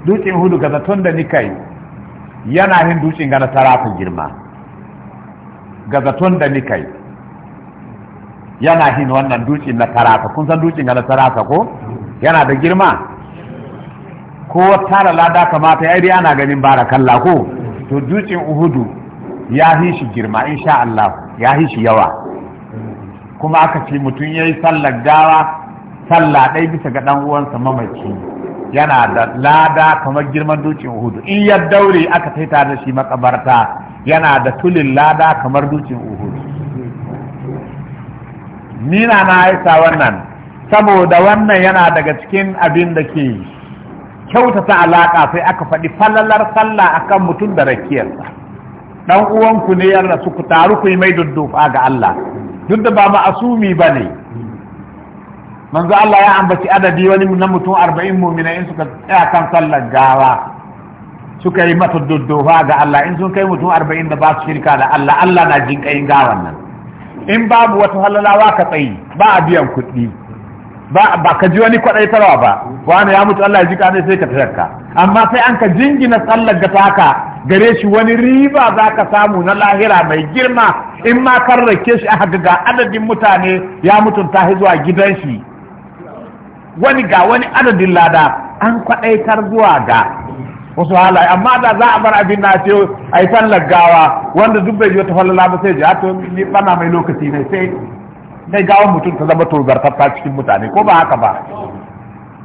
Speaker 1: dukin uhudu ga zaton da nikai yana hin dukin ga na tarafin girma ga zaton da nikai yana hin wannan dukin na tarafa kun san dukin ga na tarafa ko yana da girma ko tara lada kamata ya ana ganin bara kalla ko to dukin uhudu ya fi shi girma insha Allah ya fi shi yawa kuma aka ce mutum ya yi sallar gawa sallah ɗai bisa ga ɗan uwansa mamaci yana da lada kamar girman dukin uhudu in ya daure aka taita da shi makabarta yana da tulin lada kamar dukin uhudu nina na haisa wannan saboda wannan yana daga cikin abin da ke kyautata alaƙa sai aka faɗi falalar sallah akan mutum da rakiyarsa dan uwanku ne ya rasu ku taru ku yi mai duddufa ga Allah duk da ba ma'asumi ba ne manzo Allah ya ambaci adadi wani na mutum arba'in mumina in suka tsaya kan sallar gawa suka yi mata duddufa ga Allah in sun kai mutum arba'in da ba su shirka da Allah Allah na jin gawan nan in babu wata halalawa ka tsayi ba a biyan kuɗi ba ba ka ji wani kwadai tarwa ba wani ya mutu Allah ya jika ne sai ka tarka amma sai an ka jingina sallar ga taka gare shi wani riba za ka samu na lahira mai girma in ma kan rake shi aka ga adadin mutane ya mutunta shi zuwa gidan shi wani ga wani adadin lada an kwadaitar zuwa ga wasu halaye amma da za a bar abin na ce a yi sallar gawa wanda duk bai yi wata falala ba sai ji ni bana mai lokaci ne sai sai gawan mutum ta zama tozartaffa cikin mutane ko ba haka ba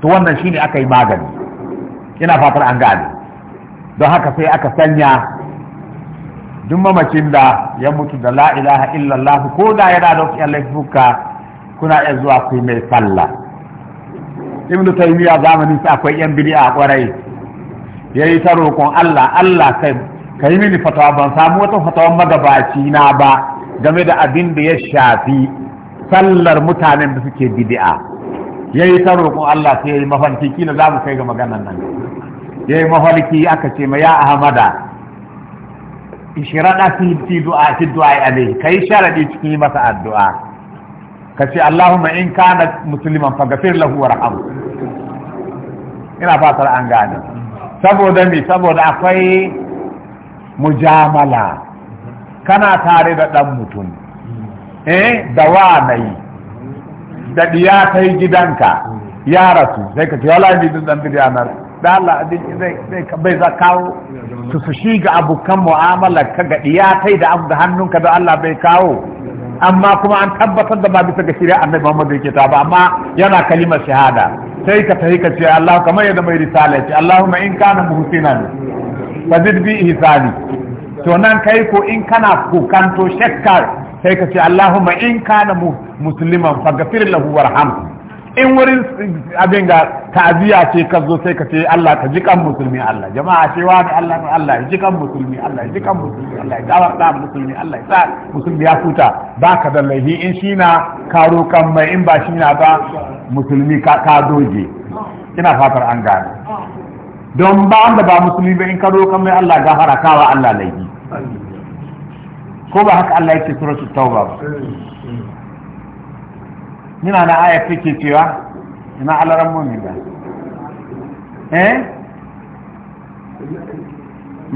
Speaker 1: to wannan shine aka yi magani ina fatar an gane don haka sai aka sanya duk mamacin da ya mutu da la ilaha illallah ko da yana da wasu laifuka kuna iya zuwa ku mai sallah ibnu taymiya zamanin su akwai yan bid'a kwarai yayi ta roƙon Allah Allah kai kai mini fatawa ban samu wata fatawan magabaci na ba game da abin da ya shafi sallar mutanen da suke bid'a yi ta roƙo Allah sai yi mafarki kila za mu kai ga maganan nan ya yi mafarki aka ce ma ya ahmada ishirada fi fi du'a fi du'a alayhi kai sharadi cikin masa addu'a kace Allahumma in kana musliman faghfir lahu warhamhu ina fatar an gane saboda mi saboda akwai mujamala kana tare da dan mutum eh da wa mai da diya ta yi gidanka ya rasu sai ka ce wala ni dan da Allah abin zai zai bai za kawo su su shi ga abokan mu'amala ka ga diya ta da abu da hannunka da Allah bai kawo amma kuma an tabbatar da ba bisa ga shirya annabi Muhammad yake ta ba amma yana kalimar shahada sai ka tafi ka ce Allah kamar yadda mai risala ce Allahumma in kana muhsinan fadid bi ihsani to nan kai ko in kana kokanto shakkar sai ka ce Allahumma in kana musliman faghfir lahu warhamhu in wurin abin ga ta'aziyya ce ka zo sai ka ce Allah ka ji kan musulmi Allah jama'a ce wa Allah Allah ji kan musulmi Allah ji kan musulmi Allah ya gawar da musulmi Allah ya sa musulmi ya futa ba ka da laifi in shi na karo kan mai in ba shi na ba musulmi ka doje ina fatar an gane don ba an da ba musulmi ba in karo kan mai Allah gafara kawa Allah laifi ko ba haka Allah yake suratul tauba ba nina na aya take cewa ina alaran mu'min ba eh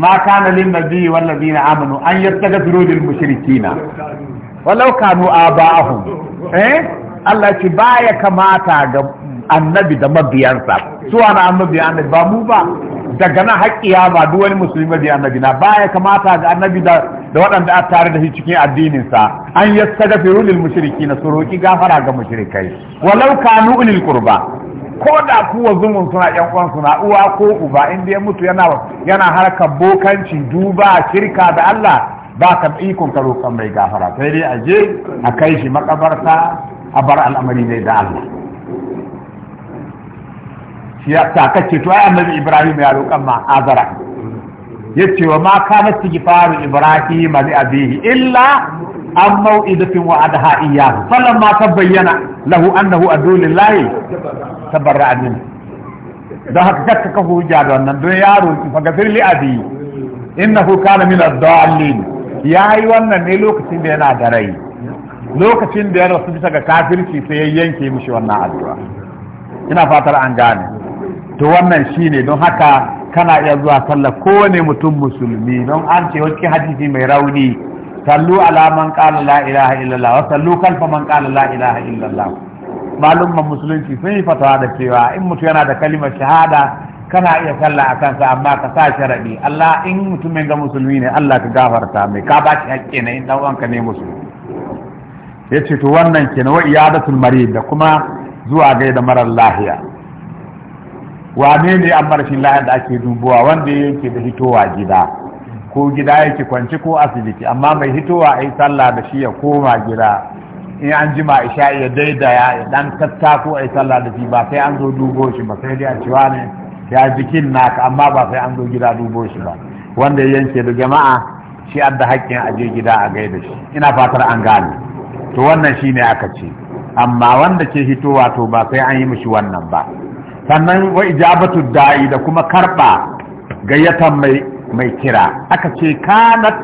Speaker 1: ma kana lin nabiyyi wal ladina amanu an yastaghfiru lil mushrikina walau kanu aba'ahum eh Allah ba baya kamata ga annabi da mabiyansa su ana annabi annabi ba mu ba daga nan haƙƙiya ba duk wani musulmi bai annabi na baya kamata ga annabi da da waɗanda a tare da shi cikin addinin sa an yastaghfiru lil mushrikina su roki gafara ga mushrikai walau kanu ulil qurba ko da kuwa zumun suna yan uwan suna uwa ko uba in ya mutu yana yana harkar bokanci duba shirka da Allah ba ka ikon ka roƙon mai gafara sai dai a je a kai shi makabarta a bar al'amari ne da Allah ya ce to ai annabi ibrahim ya roƙan ma azara yace wa ma kana faru ibrahim li abihi illa an mau'idatin wa adha iyyahu falamma tabayyana lahu annahu adulillahi tabarra min da haka kakka ka hujja da wannan don ya roƙi fa gafir li abi innahu kana min ad-dallin yayi wannan ne lokacin da yana da rai lokacin da ya rasu bisa ga kafirci sai ya yanke mishi wannan addu'a ina fatar an gane to wannan shine don haka kana iya zuwa sallah kowane mutum musulmi don an ce wasu hadisi mai rauni sallu ala man qala la ilaha illallah wa sallu kalfa man qala la ilaha illallah malumman musulunci sun yi fatawa da cewa in mutum yana da kalimar shahada kana iya sallah a kansa amma ka sa sharaɗi Allah in mai ga musulmi ne Allah ka gafarta mai ka ba shi haƙƙi ne in dan uwanka ne musulmi ya to wannan ke na iyadatul marid da kuma zuwa gaida marar lahiya wane ne an marashin lahiyar da ake dubuwa wanda ya yanke da hitowa gida ko gida yake kwanci ko asibiti amma mai hitowa a yi sallah da shi ya koma gida in an jima isha ya daida ya dan katta ko a yi sallah da shi ba sai an zo dubo shi ba sai dai a cewa ne ya jikin naka amma ba sai an zo gida dubo shi ba wanda ya yanke da jama'a shi adda haƙƙin aje gida a gaida shi ina fatar an gane to wannan shine aka ce amma wanda ke hitowa to ba sai an yi mishi wannan ba sannan wa ijabatu da'i da kuma karba gayyatan mai mai kira aka ce kanat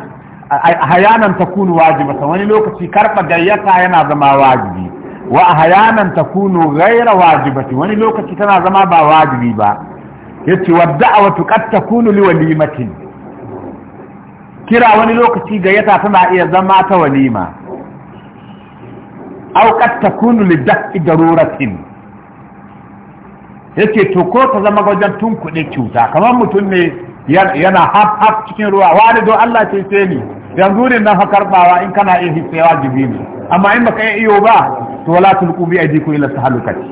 Speaker 1: hayanan takunu wajibatan wani lokaci karba gayyata yana zama wajibi wa hayanan takunu ghaira wajibati wani lokaci tana zama ba wajibi ba yace wa da'watu qad takunu liwalimatin kira wani lokaci gayyata tana iya zama ta walima aw qad takunu lidaf'i daruratin yace to ko ta zama wajen tun kuɗi cuta kamar mutum ne yana haf haf cikin ruwa wani don Allah ce sai ni yanzu ne nan haka karɓawa in kana iya hitsewa jibi amma in baka iya iyo ba to wala kubi a aydikum ila halukaci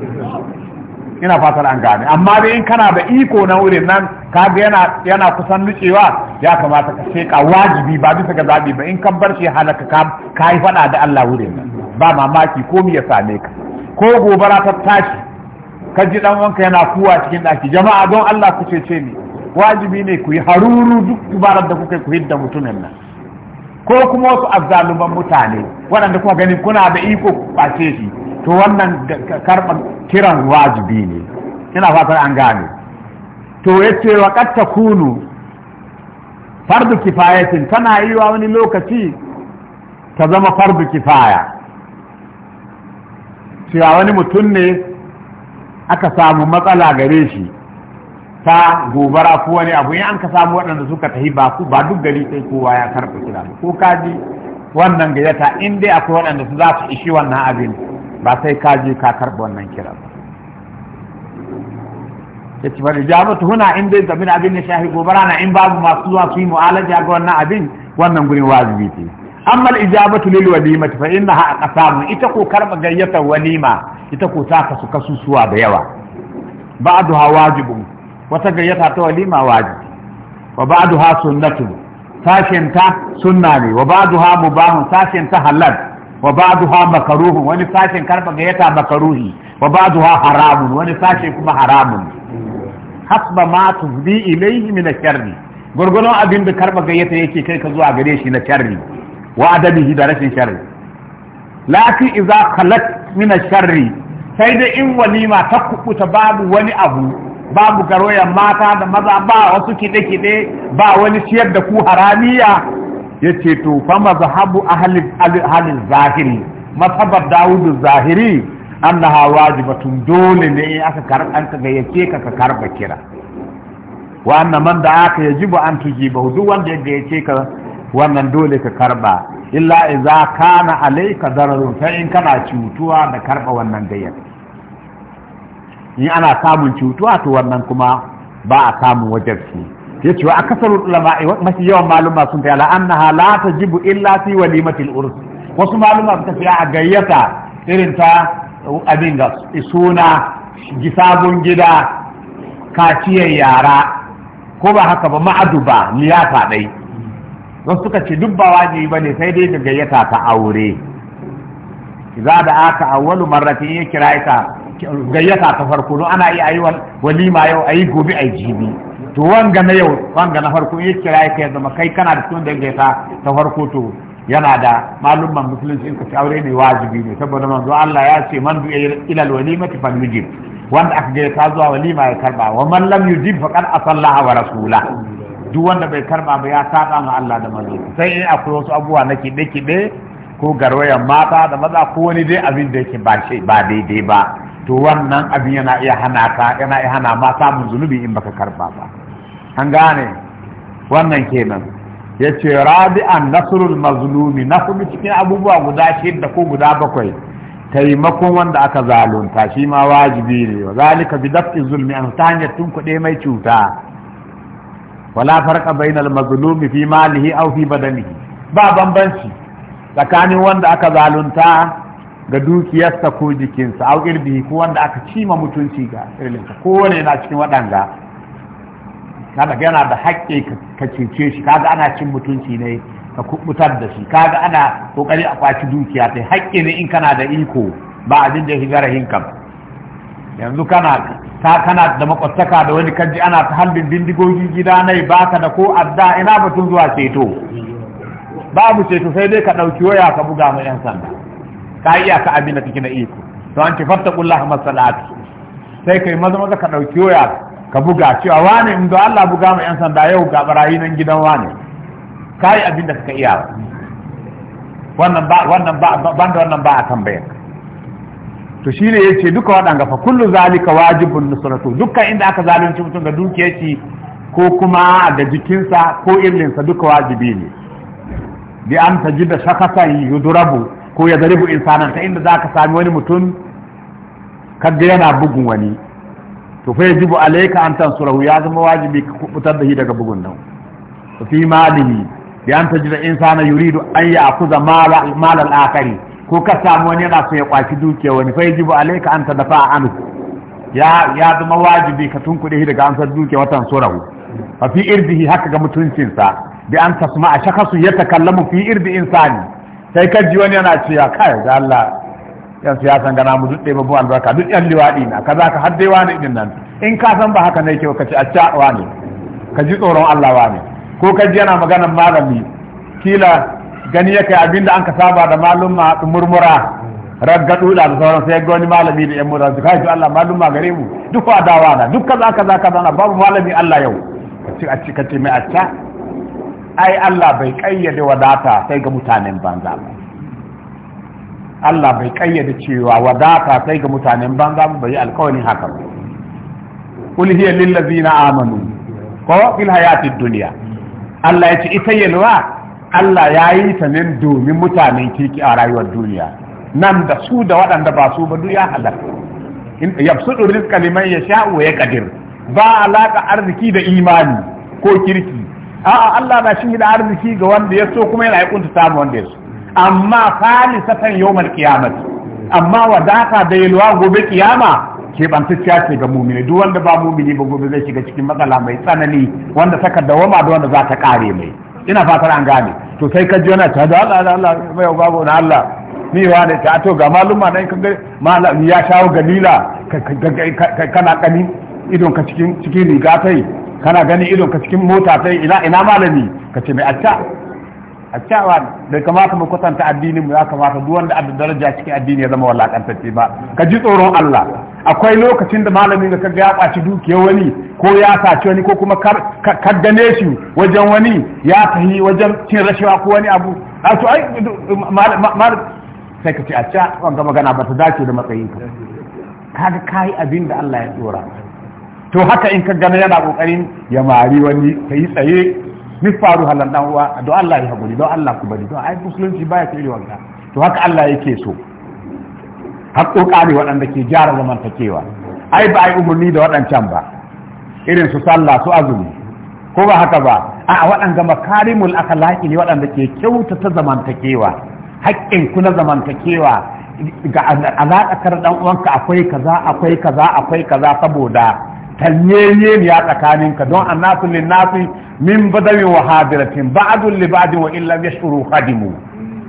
Speaker 1: ina fatar an gane amma dai in kana da iko na wurin nan kaga yana yana kusan nutsewa ya kamata ka sheka wajibi ba bisa ga zabi ba in kan bar shi halaka ka yi fada da Allah wuri nan ba mamaki ko ya same ka ko gobara ta tashi ka ji dan wanka yana kuwa cikin daki jama'a don Allah ku cece ni wajibi ne ku yi haruru duk dubarar da kuka ku hidda mutumin nan ko kuma wasu azzaluman mutane waɗanda kuma gani kuna da iko kwace shi to wannan karban kiran wajibi ne ina fatar an gane to yace wa katta kunu fardu kifayatin tana yi wa wani lokaci ta zama fardu kifaya cewa wani mutum ne aka samu matsala gare shi ta gobara ko wani abu in an ka samu waɗanda suka tafi ba ku ba duk gari sai kowa ya karɓi kira ko kaji wannan gayyata in dai akwai waɗanda su za su ishi wannan abin ba sai kaji ka karɓi wannan kira ba ya ci bari ta huna in dai zamin da abin ya shahi gobara na in babu masu zuwa su yi mu'alaja ga wannan abin wannan gurin wajibi ce amma ijabatu lil walimati fa innaha aqsamu ita ko karba gayyata walima ita ko ta kasu kasusuwa da yawa ba'duha wajibun wata gayyata ta walima wajibi wa ba'duha sunnatun sashen ta sunna ne wa ba'duha mubahun sashen ta halal wa ba'duha makruhun wani sashen karba gayyata makruhi wa ba'duha haramun wani sashe kuma haramun hasba ma tuzbi ilayhi min sharri gurgurun abin da karba gayyata yake kai ka zuwa gare shi na sharri wa adabihi da rashin sharri lakin idza khalat mina sharri sai dai in walima ta kubuta babu wani abu babu garoyan mata da maza ba wasu kide-kide ba wani ciyar da ku haramiya ya ce to fa mazhabu halin zahiri mazhabar dawudu zahiri annaha wajibatun dole ne aka karɓan ka gayyace ka ka karba kira wa man da aka yajibu an tujiba duk wanda ya gayyace ka wannan dole ka karba illa idza kana alayka dararun sai in kana cutuwa da karba wannan gayyar in ana samun cutuwa to wannan kuma ba a samun Ya yace wa akasaru ulama mafi yawan maluma sun ta annaha la tajibu illa fi walimatil urs wasu maluma suka ce a gayyata irin ta abin ga suna gisabun gida kaciyar yara ko ba haka ba ma'adu ba liyafa ɗai wasu suka ce duk ba wajibi bane sai dai da gayyata ta aure za da aka awwalu marratin ya kira ita gayyata ta farko don ana iya ayi walima yau ayi gobe ayi jibi to wanga na yau wanga na farko ya kira ita ya zama kai kana da tun da gayyata ta farko to yana da malumman musulunci in ka ci aure mai wajibi ne saboda manzo Allah ya ce man bi'a ila alwalimati falyujib wanda aka gayyata zuwa walima ya karba wa man lam yujib qad asalla wa rasula duk wanda bai karba ba ya saba ma Allah da manzo sai in akwai wasu abubuwa na kiɗe kiɗe ko garwayan mata da maza ko wani dai abin da yake ba shi ba daidai ba to wannan abin yana iya hana ka yana iya hana ma samun zunubi in baka karba ba an gane wannan kenan yace rabi'an nasrul mazlumi na kuma cikin abubuwa guda shida ko guda bakwai taimakon wanda aka zalunta shi ma wajibi ne wa zalika bi daf'i zulmi an ta hanyar kuɗe mai cuta wala farqa bainal mazlumi fi malihi aw fi badanihi ba bambanci tsakanin wanda aka zalunta ga dukiyarsa ko jikinsa au irbihi ko wanda aka cima mutunci ga Ko kowane yana cikin waɗanga kada yana da haƙƙi ka cece shi kaga ana cin mutunci ne ka kubutar da shi kaga ana kokari a kwaci dukiya ta haƙƙi ne in kana da iko ba abin da ya fi zarahin yanzu kana ta kana da makwastaka da wani kanji ana ta halin bindigogi gida ba baka da ko adda ina batun zuwa ceto babu ceto sai dai ka ɗauki waya ka buga mai yan sanda ka iya ka abin da kake na iko to an ce fattaqullaha salatu sai kai maza maza ka ɗauki waya ka buga cewa wane in Allah buga mai yan sanda yau ga barayi nan gidan wane ka yi abin da kaka iya wannan ba wannan ba wannan ba a tambayar to shine yace duka waɗanga fa kullu zalika wajibun nusratu dukkan inda aka zalunci mutum da dukiyar shi ko kuma da jikinsa ko illinsa duka wajibi ne bi an tajida shakasan yudurabu ko ya zaribu insanan ta inda zaka sami wani mutum kaga yana bugun wani to fa yajibu alayka an tansurahu ya zama wajibi ka kubutar da shi daga bugun nan fi malihi bi an tajida insana yuridu an ya'khudha mala mala al-akhari ko ka samu wani yana so ya kwaci dukiya wani fa yajibu alayka an tadafa an ya ya zama wajibi ka tunkuɗe shi daga amsar dukiya watan surahu fa fi irdihi haka ga mutuncinsa bi an tasma a shakasu ya takallamu fi irdi insani sai ka ji wani yana cewa kai da Allah yan siyasan gana mu dudde babu albarka duk yan liwadi na kaza ka haddai wani irin nan in ka san ba haka ne ke ka ci a cha wani ka ji tsoron Allah wani ko ka ji yana maganar malami kila gani kai abinda an ka saba da malumma murmura dula da sauran sai ga malami da yan mura su kai Allah malumma gare mu duk dawa na duk kaza kaza kaza na babu malami Allah yau kace a cika ce mai acca ai Allah bai kayyade wadata sai ga mutanen banza Allah bai kayyade cewa wadata sai ga mutanen banza ba bai alƙawarin haka ba qul hiya lil ladina amanu ko fil hayatid dunya Allah ya ce ita yalwa Allah ya yi ta ne domin mutane kirki a rayuwar duniya nan da su da waɗanda ba su ba halar ya su ɗin rizqa liman yasha'u wa ƙadir. ba alaƙa arziki da imani ko kirki a'a Allah na shi da arziki ga wanda ya so kuma yana ya kunta samu wanda ya so amma yau mal kiyamat amma wadata da yalwa gobe kiyama ke bantacciya ce ga mumini duk wanda ba mumini ba gobe zai shiga cikin matsala mai tsanani wanda kaddawa ma da wanda za ta kare mai ina fatar an gane to sai ka ji yana ta da Allah da Allah mai babu na Allah ni wa ne ta to ga maluma nan kan gare malam ya shawo galila kana gani idon ka cikin cikin riga kai kana gani idon ka cikin mota kai ina ina malami ka ce mai acca acca wa da kamata mu kwatanta addinin mu ya kamata duk wanda addu daraja cikin addini ya zama wallakantacce ba ka ji tsoron Allah akwai lokacin da malamin da kaga ya ɓaci dukiyar wani ko ya saci wani ko kuma kaddane shi wajen wani ya tahi wajen cin rashawa ko wani abu a to ai sai ka ce a ca wanga magana ba ta dace da matsayin ka kaga kai abin da Allah ya dora to haka in ka gana yana kokarin ya mari wani ka yi tsaye ni faru halan dan uwa don Allah ya haƙuri don Allah ku bari don ai musulunci baya ta iri wanga to haka Allah yake so haƙoƙa ne waɗanda ke gyara zamantakewa ai ba a yi umarni da waɗancan ba irin su sallah su azumi ko ba haka ba a waɗanda makarimul akhlaqi ne waɗanda ke kyautata zamantakewa haƙƙin ku na zamantakewa ga alaƙar dan uwanka akwai kaza akwai kaza akwai kaza saboda tanyeye ne ya tsakaninka don annasu linnasu min badawi wa hadiratin ba'dun li ba'din wa illa yashuru khadimu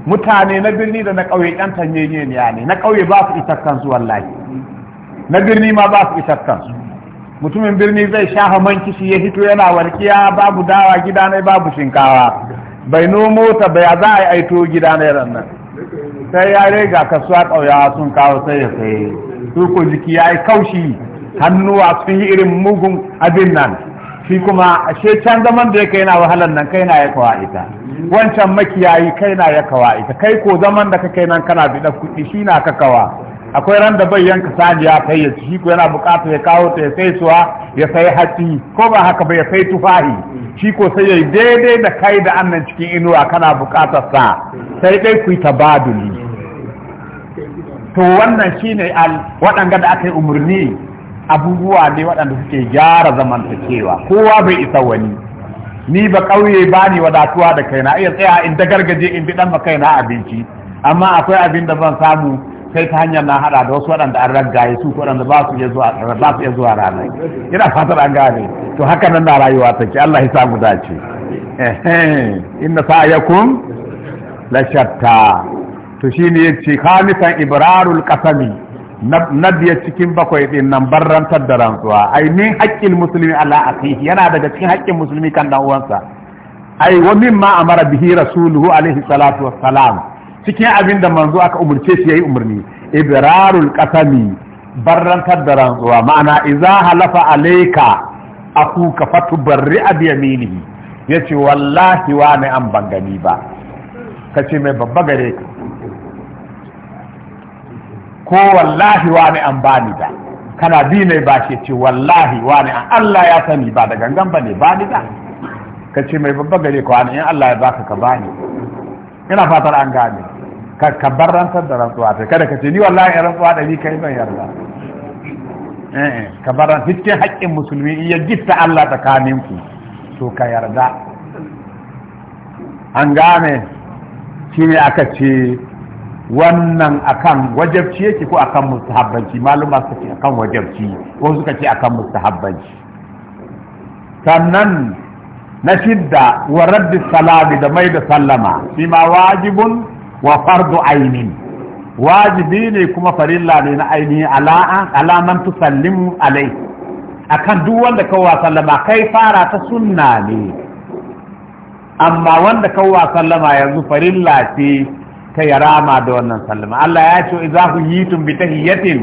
Speaker 1: mutane na birni da na ƙauye ɗan tanye ne ya ne na ƙauye ba su isar kansu wallahi na birni ma ba su isar kansu mutumin birni zai sha haman kishi ya hito yana walƙiya, babu dawa gida ne babu shinkawa bai nomota mota bai za a yi aito gida ne nan sai ya rega kasuwa ƙauyawa sun kawo sai ya sai su ko jiki ya yi kaushi hannuwa sun yi irin mugun abin nan shi kuma ashe can zaman da yake yana wahalar nan kai na ya kawa wancan makiyayi kai na ya kawa kai ko zaman da kake nan kana bi kuɗi shi na ka akwai ran da bai yanka saniya kai ya shi ko yana buƙatar ya kawo ta ya sai suwa ya sai hatsi ko ba haka ba ya sai tufahi shi ko sai ya daidai da kai da annan cikin inuwa kana bukatar sa sai dai ku yi tabaduli to wannan shine al waɗanga da aka yi umarni abubuwa ne waɗanda suke gyara zamantakewa kowa bai isa wani ni ba ƙauye ba ni wadatuwa da kaina iya tsaya in da gargaje in bi dan ma kaina abinci amma akwai abin da ban samu sai ta hanyar na hada da wasu waɗanda an raggaye su waɗanda ba su iya zuwa su ranar ina fatar an gane to haka nan na rayuwa take Allah ya samu dace inna sa'ayakum la shatta to shine yace khamisan ibrarul qasami na biyar cikin bakwai din nan barrantar da rantsuwa ai min haƙƙin musulmi ala akhihi yana daga cikin hakkin musulmi kan dan uwansa ai wa mimma amara bihi rasuluhu alaihi salatu wassalam cikin abin da manzo aka umurce shi yayi umurni ibrarul qasami barrantar da rantsuwa ma'ana idza halafa alayka akuka fatubarri bi yaminihi yace wallahi wa ne an bangani ba kace mai babba gare ka ko wallahi wani an bani da kana bi ne ba shi ce wallahi wani an Allah ya sani ba da gangan ba ne bani da ka ce mai babba gare ka wani in Allah ya baka ka bani ina fatar an gane ka kabbar rantsar da rantsuwa ta kada ka ce ni wallahi in rantsuwa da ni kai ban yarda eh, eh ka bar cikin haƙƙin musulmi in ya gitta Allah tsakanin ku to ka yarda an gane shine aka ce wannan akan wajabci yake ko akan mustahabbanci maluma suka ce akan wajabci ko suka ce akan mustahabbanci sannan na shidda wa raddi salami da mai da sallama shi ma wajibun wa fardu ainin wajibi ne kuma farilla ne na ainihi alaman tusallimu alai akan duk wanda wasan sallama kai fara ta sunna ne amma wanda wasan sallama yanzu farilla ce ta ya rama da wannan sallama Allah ya ce idza yitum bi tahiyatin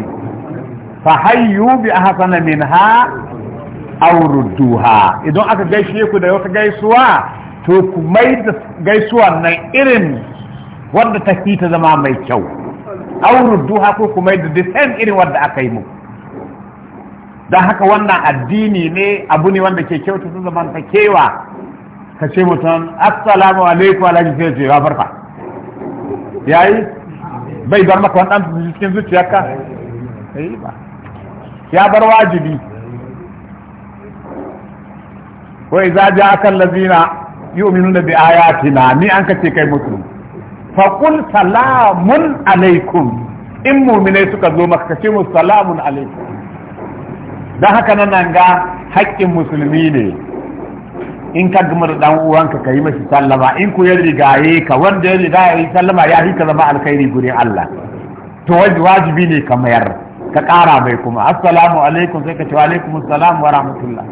Speaker 1: fa hayyu bi ahsana minha aw rudduha idan aka gaishe ku da wata gaisuwa to ku mai da gaisuwa nan irin wanda ta ta zama mai kyau aw rudduha ko ku mai da the irin wanda aka yi mu dan haka wannan addini ne abu ne wanda ke kyautata zaman ta kewa ka ce mutum assalamu alaikum alaikum sai ce ya farka yayi bai bar maka wani ɗan cikin zuciyarka yayi ya bar wajibi Ko wa akan lazina allazina yu'minuna bi ayatina ni an kace kai musu fa qul salamun alaikum in mu'minai suka zo maka kace musu salamun alaikum dan haka nan ga haƙƙin musulmi ne in ka gama da dan uwanka ka yi mashi sallama in ku ya rigaye ka wanda ya riga ya yi sallama ya fi ka zama alkhairi gurin Allah to wajibi ne ka mayar ka ƙara mai kuma assalamu alaikum sai ka ce wa alaikum assalam wa rahmatullah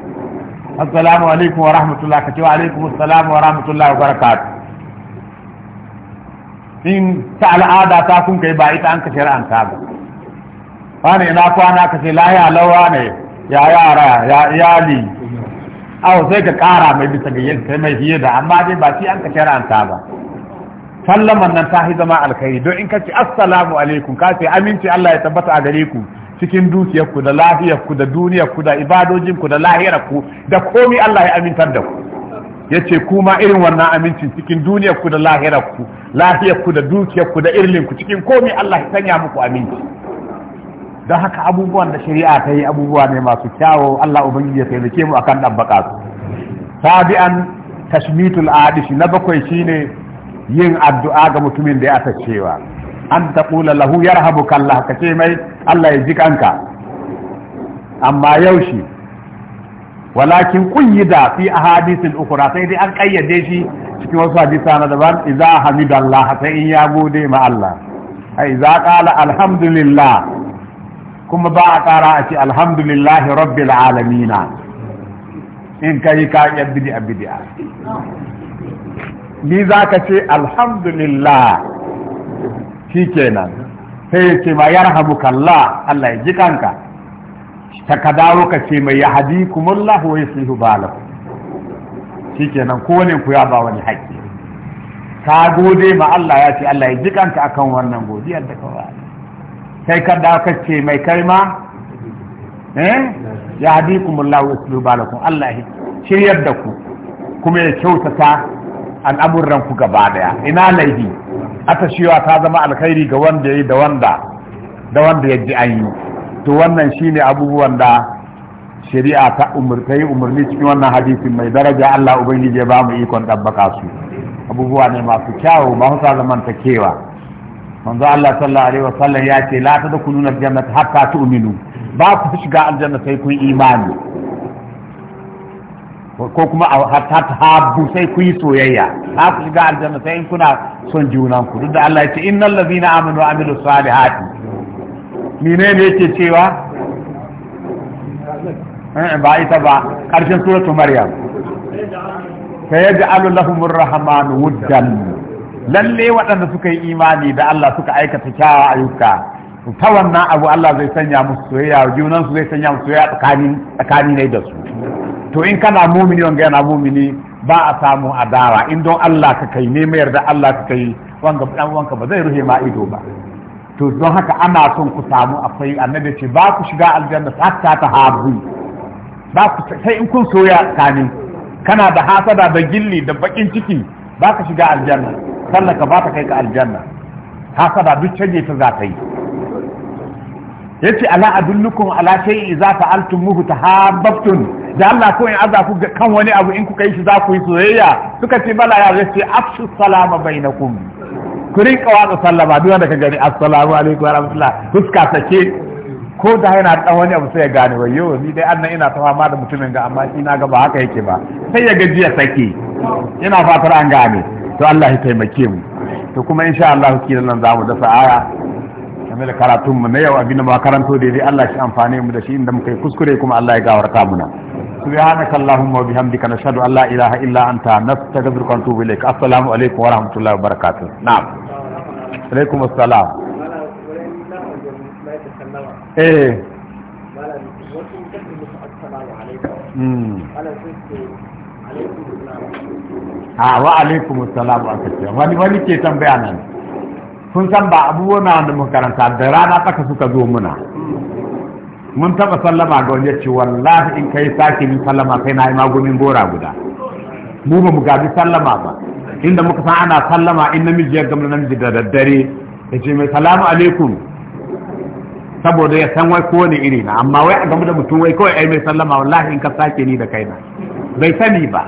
Speaker 1: assalamu alaikum wa rahmatullah ka ce wa alaikum assalam wa rahmatullah wa barakatuh in ta al'ada ta kun kai ba ita an ka shari'anta ba wani ina kwana ka ce lahiya lawa ne ya yara ya iyali aw sai ka kara mai bisa ga yadda kai mai fiye da amma dai ba shi an ka shara'anta ba sallaman nan ta zama alkhairi don in ka ce assalamu alaikum ka ce aminci Allah ya tabbata a gare ku cikin dukiyarku da lafiyarku da duniyarku da ibadojinku da lahirarku da komi Allah ya amintar da ku ya ce kuma irin wannan amincin cikin duniyarku da lahirarku lafiyarku da dukiyarku da ku, cikin komi Allah ya sanya muku aminci don haka abubuwan da shari'a ta yi abubuwa ne masu kyawo Allah ubangiji ya taimake mu akan dabbaka su sabi'an tashmitul adishi na bakwai shine yin addu'a ga mutumin da ya tacewa an taqula lahu Habu Allah ka ce mai Allah ya ji kanka amma yaushe walakin kunyida fi hadisin ukhra sai dai an ƙayyade shi cikin wasu hadisa na daban idza hamidallah sai in ya gode ma Allah ai za qala alhamdulillah kuma ba a ƙara a ce alhamdulillahi rabbil alamina in ka yi bidi'a bidi'a ni za ka ce alhamdulillah shi kenan sai ya ce ma yarhamukallah Allah ya ji kanka ta ka dawo ka ce mai yahdikumullah wa yuslihu balakum shi kenan ne ku ya ba wani haƙƙi ka gode ma Allah ya ce Allah ya ji kanka akan wannan godiyar da kawai kai ka aka ce mai kalma eh ya hadikumullahu ba lakun Allah shiryar da ku kuma ya kyautata al'amuran ku gaba daya ina laifi ata shiwa ta zama alkhairi ga wanda yi da wanda da wanda an yi to wannan shine abubuwan da shari'a ta umurta yi umarni cikin wannan hadisin mai daraja Allah ubangiji ya ba mu ikon dabbaka su abubuwa ne masu kyawu ba su kewa. manzo Allah sallallahu alaihi wasallam ya ce la tadkhuluna aljannata hatta tu'minu ba ku shiga aljanna sai kun imani ko kuma hatta Habu sai kun yi soyayya ba ku shiga aljanna sai kuna son junan ku duk da Allah ya ce innal ladina amanu wa amilus salihati menene yake cewa eh, ba ita ba karshen suratul maryam sayaj'alu lahumur rahmanu wuddan lalle waɗanda suka yi imani da Allah suka aikata kyawawan ayyuka ta wannan abu Allah zai sanya musu soyayya junan su zai sanya musu soyayya tsakanin tsakani ne da su to in kana mumini wanga yana mumini ba a samu adawa in don Allah ka kai ne mayar da Allah ka kai wanga dan wanka ba zai ruhe ma ido ba to don haka ana son ku samu akwai annabi ce ba ku shiga aljanna hatta ta habu ba ku sai in kun soya tsakanin kana da hasada da gilli da bakin ciki ba ka shiga aljanna sannan ka ba ta kai ka aljanna hasada duk canje ta za ta yi yace ala adullukum ala shay'in idza ta tahabbtum da Allah ko in aza ku kan wani abu in kuka yi shi za ku yi soyayya suka ce bala ya zai afshu salama bainakum ku rinka watsa sallama duk wanda ka gani assalamu alaikum wa rahmatullah fuska sake ko da yana dan wani abu sai ya gane wai yau ni dai annan ina ta fama da mutumin ga amma ina ga ba haka yake ba sai ya gaji ya sake ina fatar an gane to Allah ya taimake mu to kuma insha Allah kila nan za mu dafa aya da karatun mu na yau abin da ma karanto da dai Allah shi amfane mu da shi inda muka kuskure kuma Allah ya gawarta mu nan subhanaka allahumma wa bihamdika nashhadu an la ilaha illa anta nastaghfiruka wa natubu ilayk assalamu alaykum wa rahmatullahi wa barakatuh na'am alaykum assalam
Speaker 2: eh mala wa alaykum
Speaker 1: a wa alaikum assalam aka ce wani wani ke tambaya nan kun san ba abubuwa da makaranta da rana aka suka zo muna mun taba sallama ga wani yace wallahi in kai sake min sallama kai na yi magumin gora guda mu ba mu gabi sallama ba inda muka san ana sallama in namiji ya gamu namiji da daddare ya ce mai salamu alaikum saboda ya san wai kowane iri na amma wai a gamu da mutum wai kawai ai mai sallama wallahi in ka sake ni da kaina bai sani ba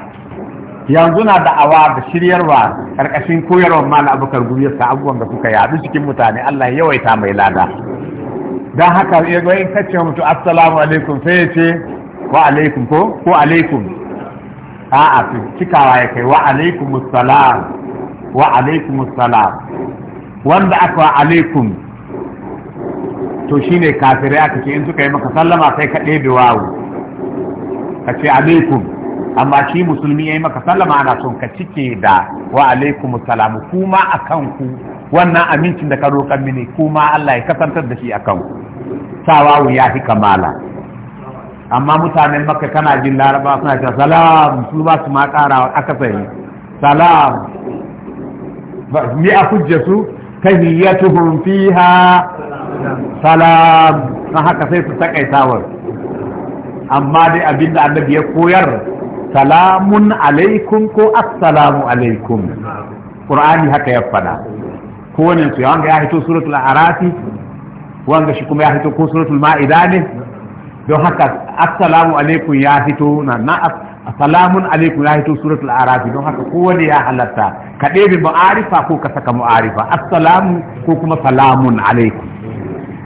Speaker 1: yanzu na da'awa da shiryarwa karkashin koyarwar mala abokan guriyar ta abubuwan da suka yadu cikin mutane Allah ya yawaita mai lada don haka ya eh, ga kacce kace mutu assalamu alaikum sai ya ce wa alaikum ko ko alaikum a'a cikawa ya kai wa alaikum assalam wa alaikum assalam wanda aka wa alaikum to shine kafirai aka ce in suka yi maka sallama sai ka ɗebe wawu ka ce alaikum amma shi musulmi ya yi maka sallama ana son ka cike da wa alaikum salam kuma akan ku wannan amincin da ka roƙan mini kuma Allah ya kasantar da shi a ku sawawu ya fi kamala amma mutanen makka kana jin laraba suna cewa salam su ba su ma ƙara aka sayi salam mi a hujja su tahiyyatuhum fiha salam na haka sai su takaitawar amma dai abinda annabi ya koyar salamun alaikum ko assalamu alaikum qur'ani haka ya fada ko ne su ga ya hito suratul arafi wanga shi kuma ya hito ko suratul ma'ida ne don haka assalamu alaikum ya hito na na salamun alaikum ya hito suratul arafi don haka wani ya halatta ka ɗebe mu'arifa ko ka saka mu'arifa assalamu ko kuma salamun alaikum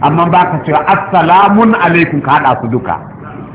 Speaker 1: amma ba ka cewa assalamun alaikum ka haɗa su duka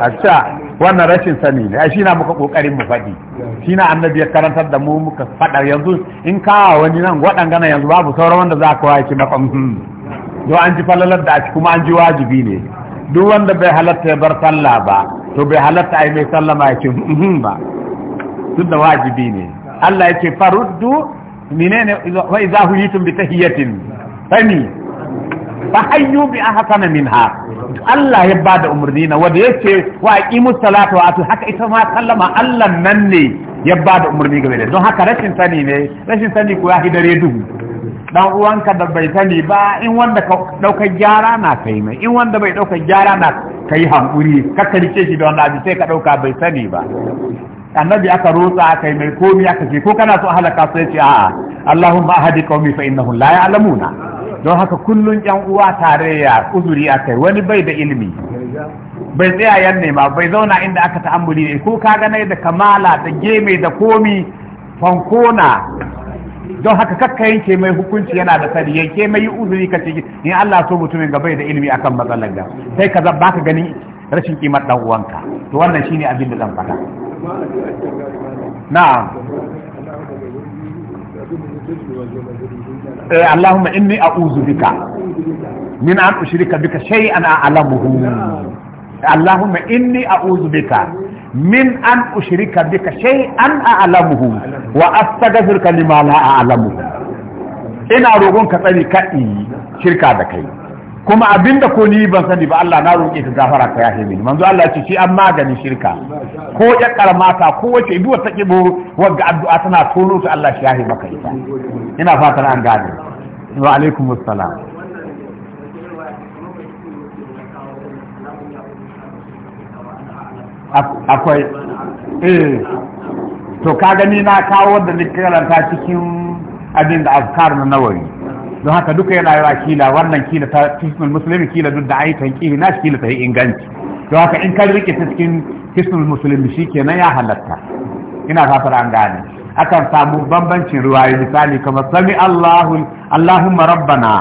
Speaker 1: acca wannan rashin sani ne shi na muka kokarin mu faɗi shi na annabi ya karantar da mu muka faɗa yanzu in kawo wani nan waɗangana yanzu babu sauran wanda za ka waye na ƙwamfin don hmm. an ji falalar da a kuma an ji wajibi ne duk wanda bai halatta ya bar sallah ba to bai halatta ai mai sallama ya ce hmm, hmm, ba duk da wajibi ne Allah ya ce faruddu minene wa idza huyitum bi tahiyatin fani fa hayyu bi ahsana minha Allah ya bada umarni na wanda yace wa aqimu salata wa atu haka ita ma sallama Allah nan ne ya bada umarni game da don haka rashin sani ne rashin sani ko ya hidare duhu dan uwanka da bai sani ba in wanda ka gyara na kai mai in wanda bai daukar gyara na kai hankuri ka karce shi da wanda abi sai ka dauka bai sani ba annabi aka rotsa kai mai komi aka ce ko kana so halaka sai ce a'a Allahumma ahadi qaumi fa innahum la ya'lamuna don haka kullum yan uwa tare ya uzuri a kai wani bai da ilimi bai tsayayen ne nema bai zauna inda aka ta'ammuli ne ko ka gane da kamala da geme da komi fankona don haka kakka yanke mai hukunci yana da sani yanke mai yi uzuri ka ce in Allah so mutumin ga bai da ilimi akan matsalar ga sai ka zaba ka gani rashin kimar ɗan uwanka to wannan shi ne abin da zan faɗa
Speaker 2: na'am اللهم
Speaker 1: إني أعوذ بك من أن أشرك بك شيئا أعلمه اللهم إني أعوذ بك من أن أشرك بك شيئا أعلمه وأستغفرك لما لا أعلمه ina rogon ka tsari kaɗi shirka da kai kuma abinda ko ni ban sani ba Allah na roƙe ka gafara ka yahe mini manzo Allah ce shi an maganin shirka ko ya karmata ko wace idu ta kibo wagga addu'a tana tono ta Allah shi yahe maka ita ina fatan an gane wa alaikum assalam akwai eh to ka gani na kawo wanda ni karanta cikin abin da azkar na nawawi don haka duka yana yawa kila wannan kila ta tisnul musulmi kila duk da ayyukan kila na kila ta yi inganci don haka in kan rike ta cikin tisnul musulmi shi kenan ya halatta ina fatar an gane akan samu bambancin ruwaye misali kamar sami Allahu Allahumma rabbana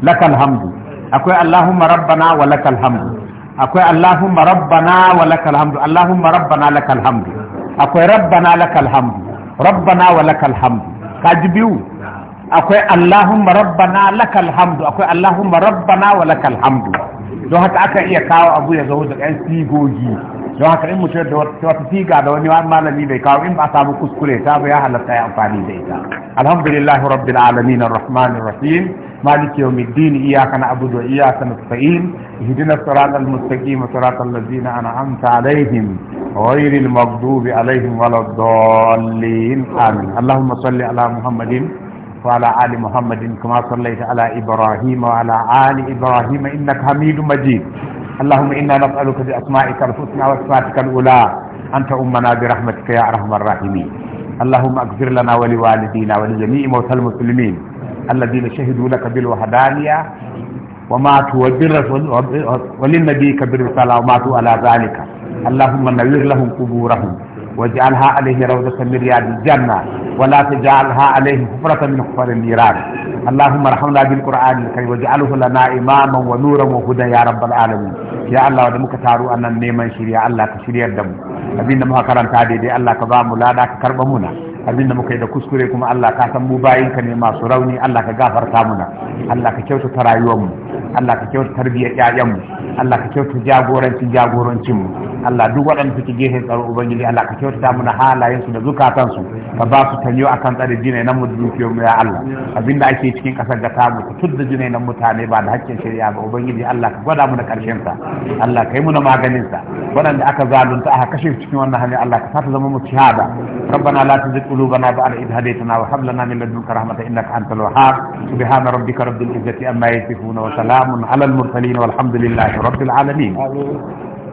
Speaker 1: lakal hamdu akwai Allahumma rabbana wa lakal hamdu akwai Allahumma rabbana wa lakal hamdu Allahumma rabbana lakal hamdu akwai rabbana lakal hamdu rabbana wa lakal hamdu kaji biyu akwai Allahumma rabbana lakal hamdu akwai Allahumma rabbana wa lakal hamdu don haka aka iya kawo abu ya zo da ɗan sigogi don haka in mutum da wata siga da wani malami bai kawo in ba samu kuskure ta ba ya halatta ya amfani da ita alhamdulillah rabbil alamin arrahmanir rahim maliki yawmiddin iyyaka na'budu wa iyyaka nasta'in ihdinas siratal mustaqim siratal ladzina an'amta alaihim ghayril maghdubi alaihim waladdallin amin allahumma salli ala muhammadin وعلى آل محمد كما صليت على إبراهيم وعلى آل إبراهيم إنك حميد مجيد اللهم إنا نسألك بأسمائك الحسنى وصفاتك الأولى أن تؤمنا برحمتك يا أرحم الراحمين اللهم اغفر لنا ولوالدينا ولجميع موتى المسلمين الذين شهدوا لك بالوحدانية وماتوا وللنبي كبر الرسالة وماتوا على ذلك اللهم نوير لهم قبورهم واجعلها عليه روضة من رياض الجنة ولا تجعلها عليه حفرة من حفر النيران اللهم ارحمنا بالقرآن الكريم واجعله لنا إماما ونورا وهدى يا رب العالمين يا الله ودمك تارو أن نيمان شريع الله كشريع الدم أبينا مهكرا تعديدي الله كبام لا داك كربمونا abin da muka yi da kuskure kuma Allah ka san mu bayinka ne masu rauni Allah ka gafarta muna Allah ka kyautata rayuwar mu Allah ka kyautata tarbiyyar ƴaƴan mu Allah ka kyautata jagorancin jagorancin mu Allah duk waɗanda suke gefen tsaro ubangiji Allah ka kyautata muna halayen su da zukatan su ka ba su tanyo akan tsare jinai nan mu dukiyar mu ya Allah abin da ake cikin kasar da ta mu tudda jinai nan mutane ba da hakkin shari'a ba ubangiji Allah ka gwada mu da karshen sa Allah ka yi mu na maganin sa waɗanda aka zalunta aka kashe cikin wannan hali Allah ka sa ta zama mu shahada rabbana la tuzigh قلوبنا بعد إذ هديتنا وهب لنا من لدنك رحمة إنك أنت الوهاب سبحان ربك رب العزة أما يصفون وسلام على المرسلين والحمد لله رب العالمين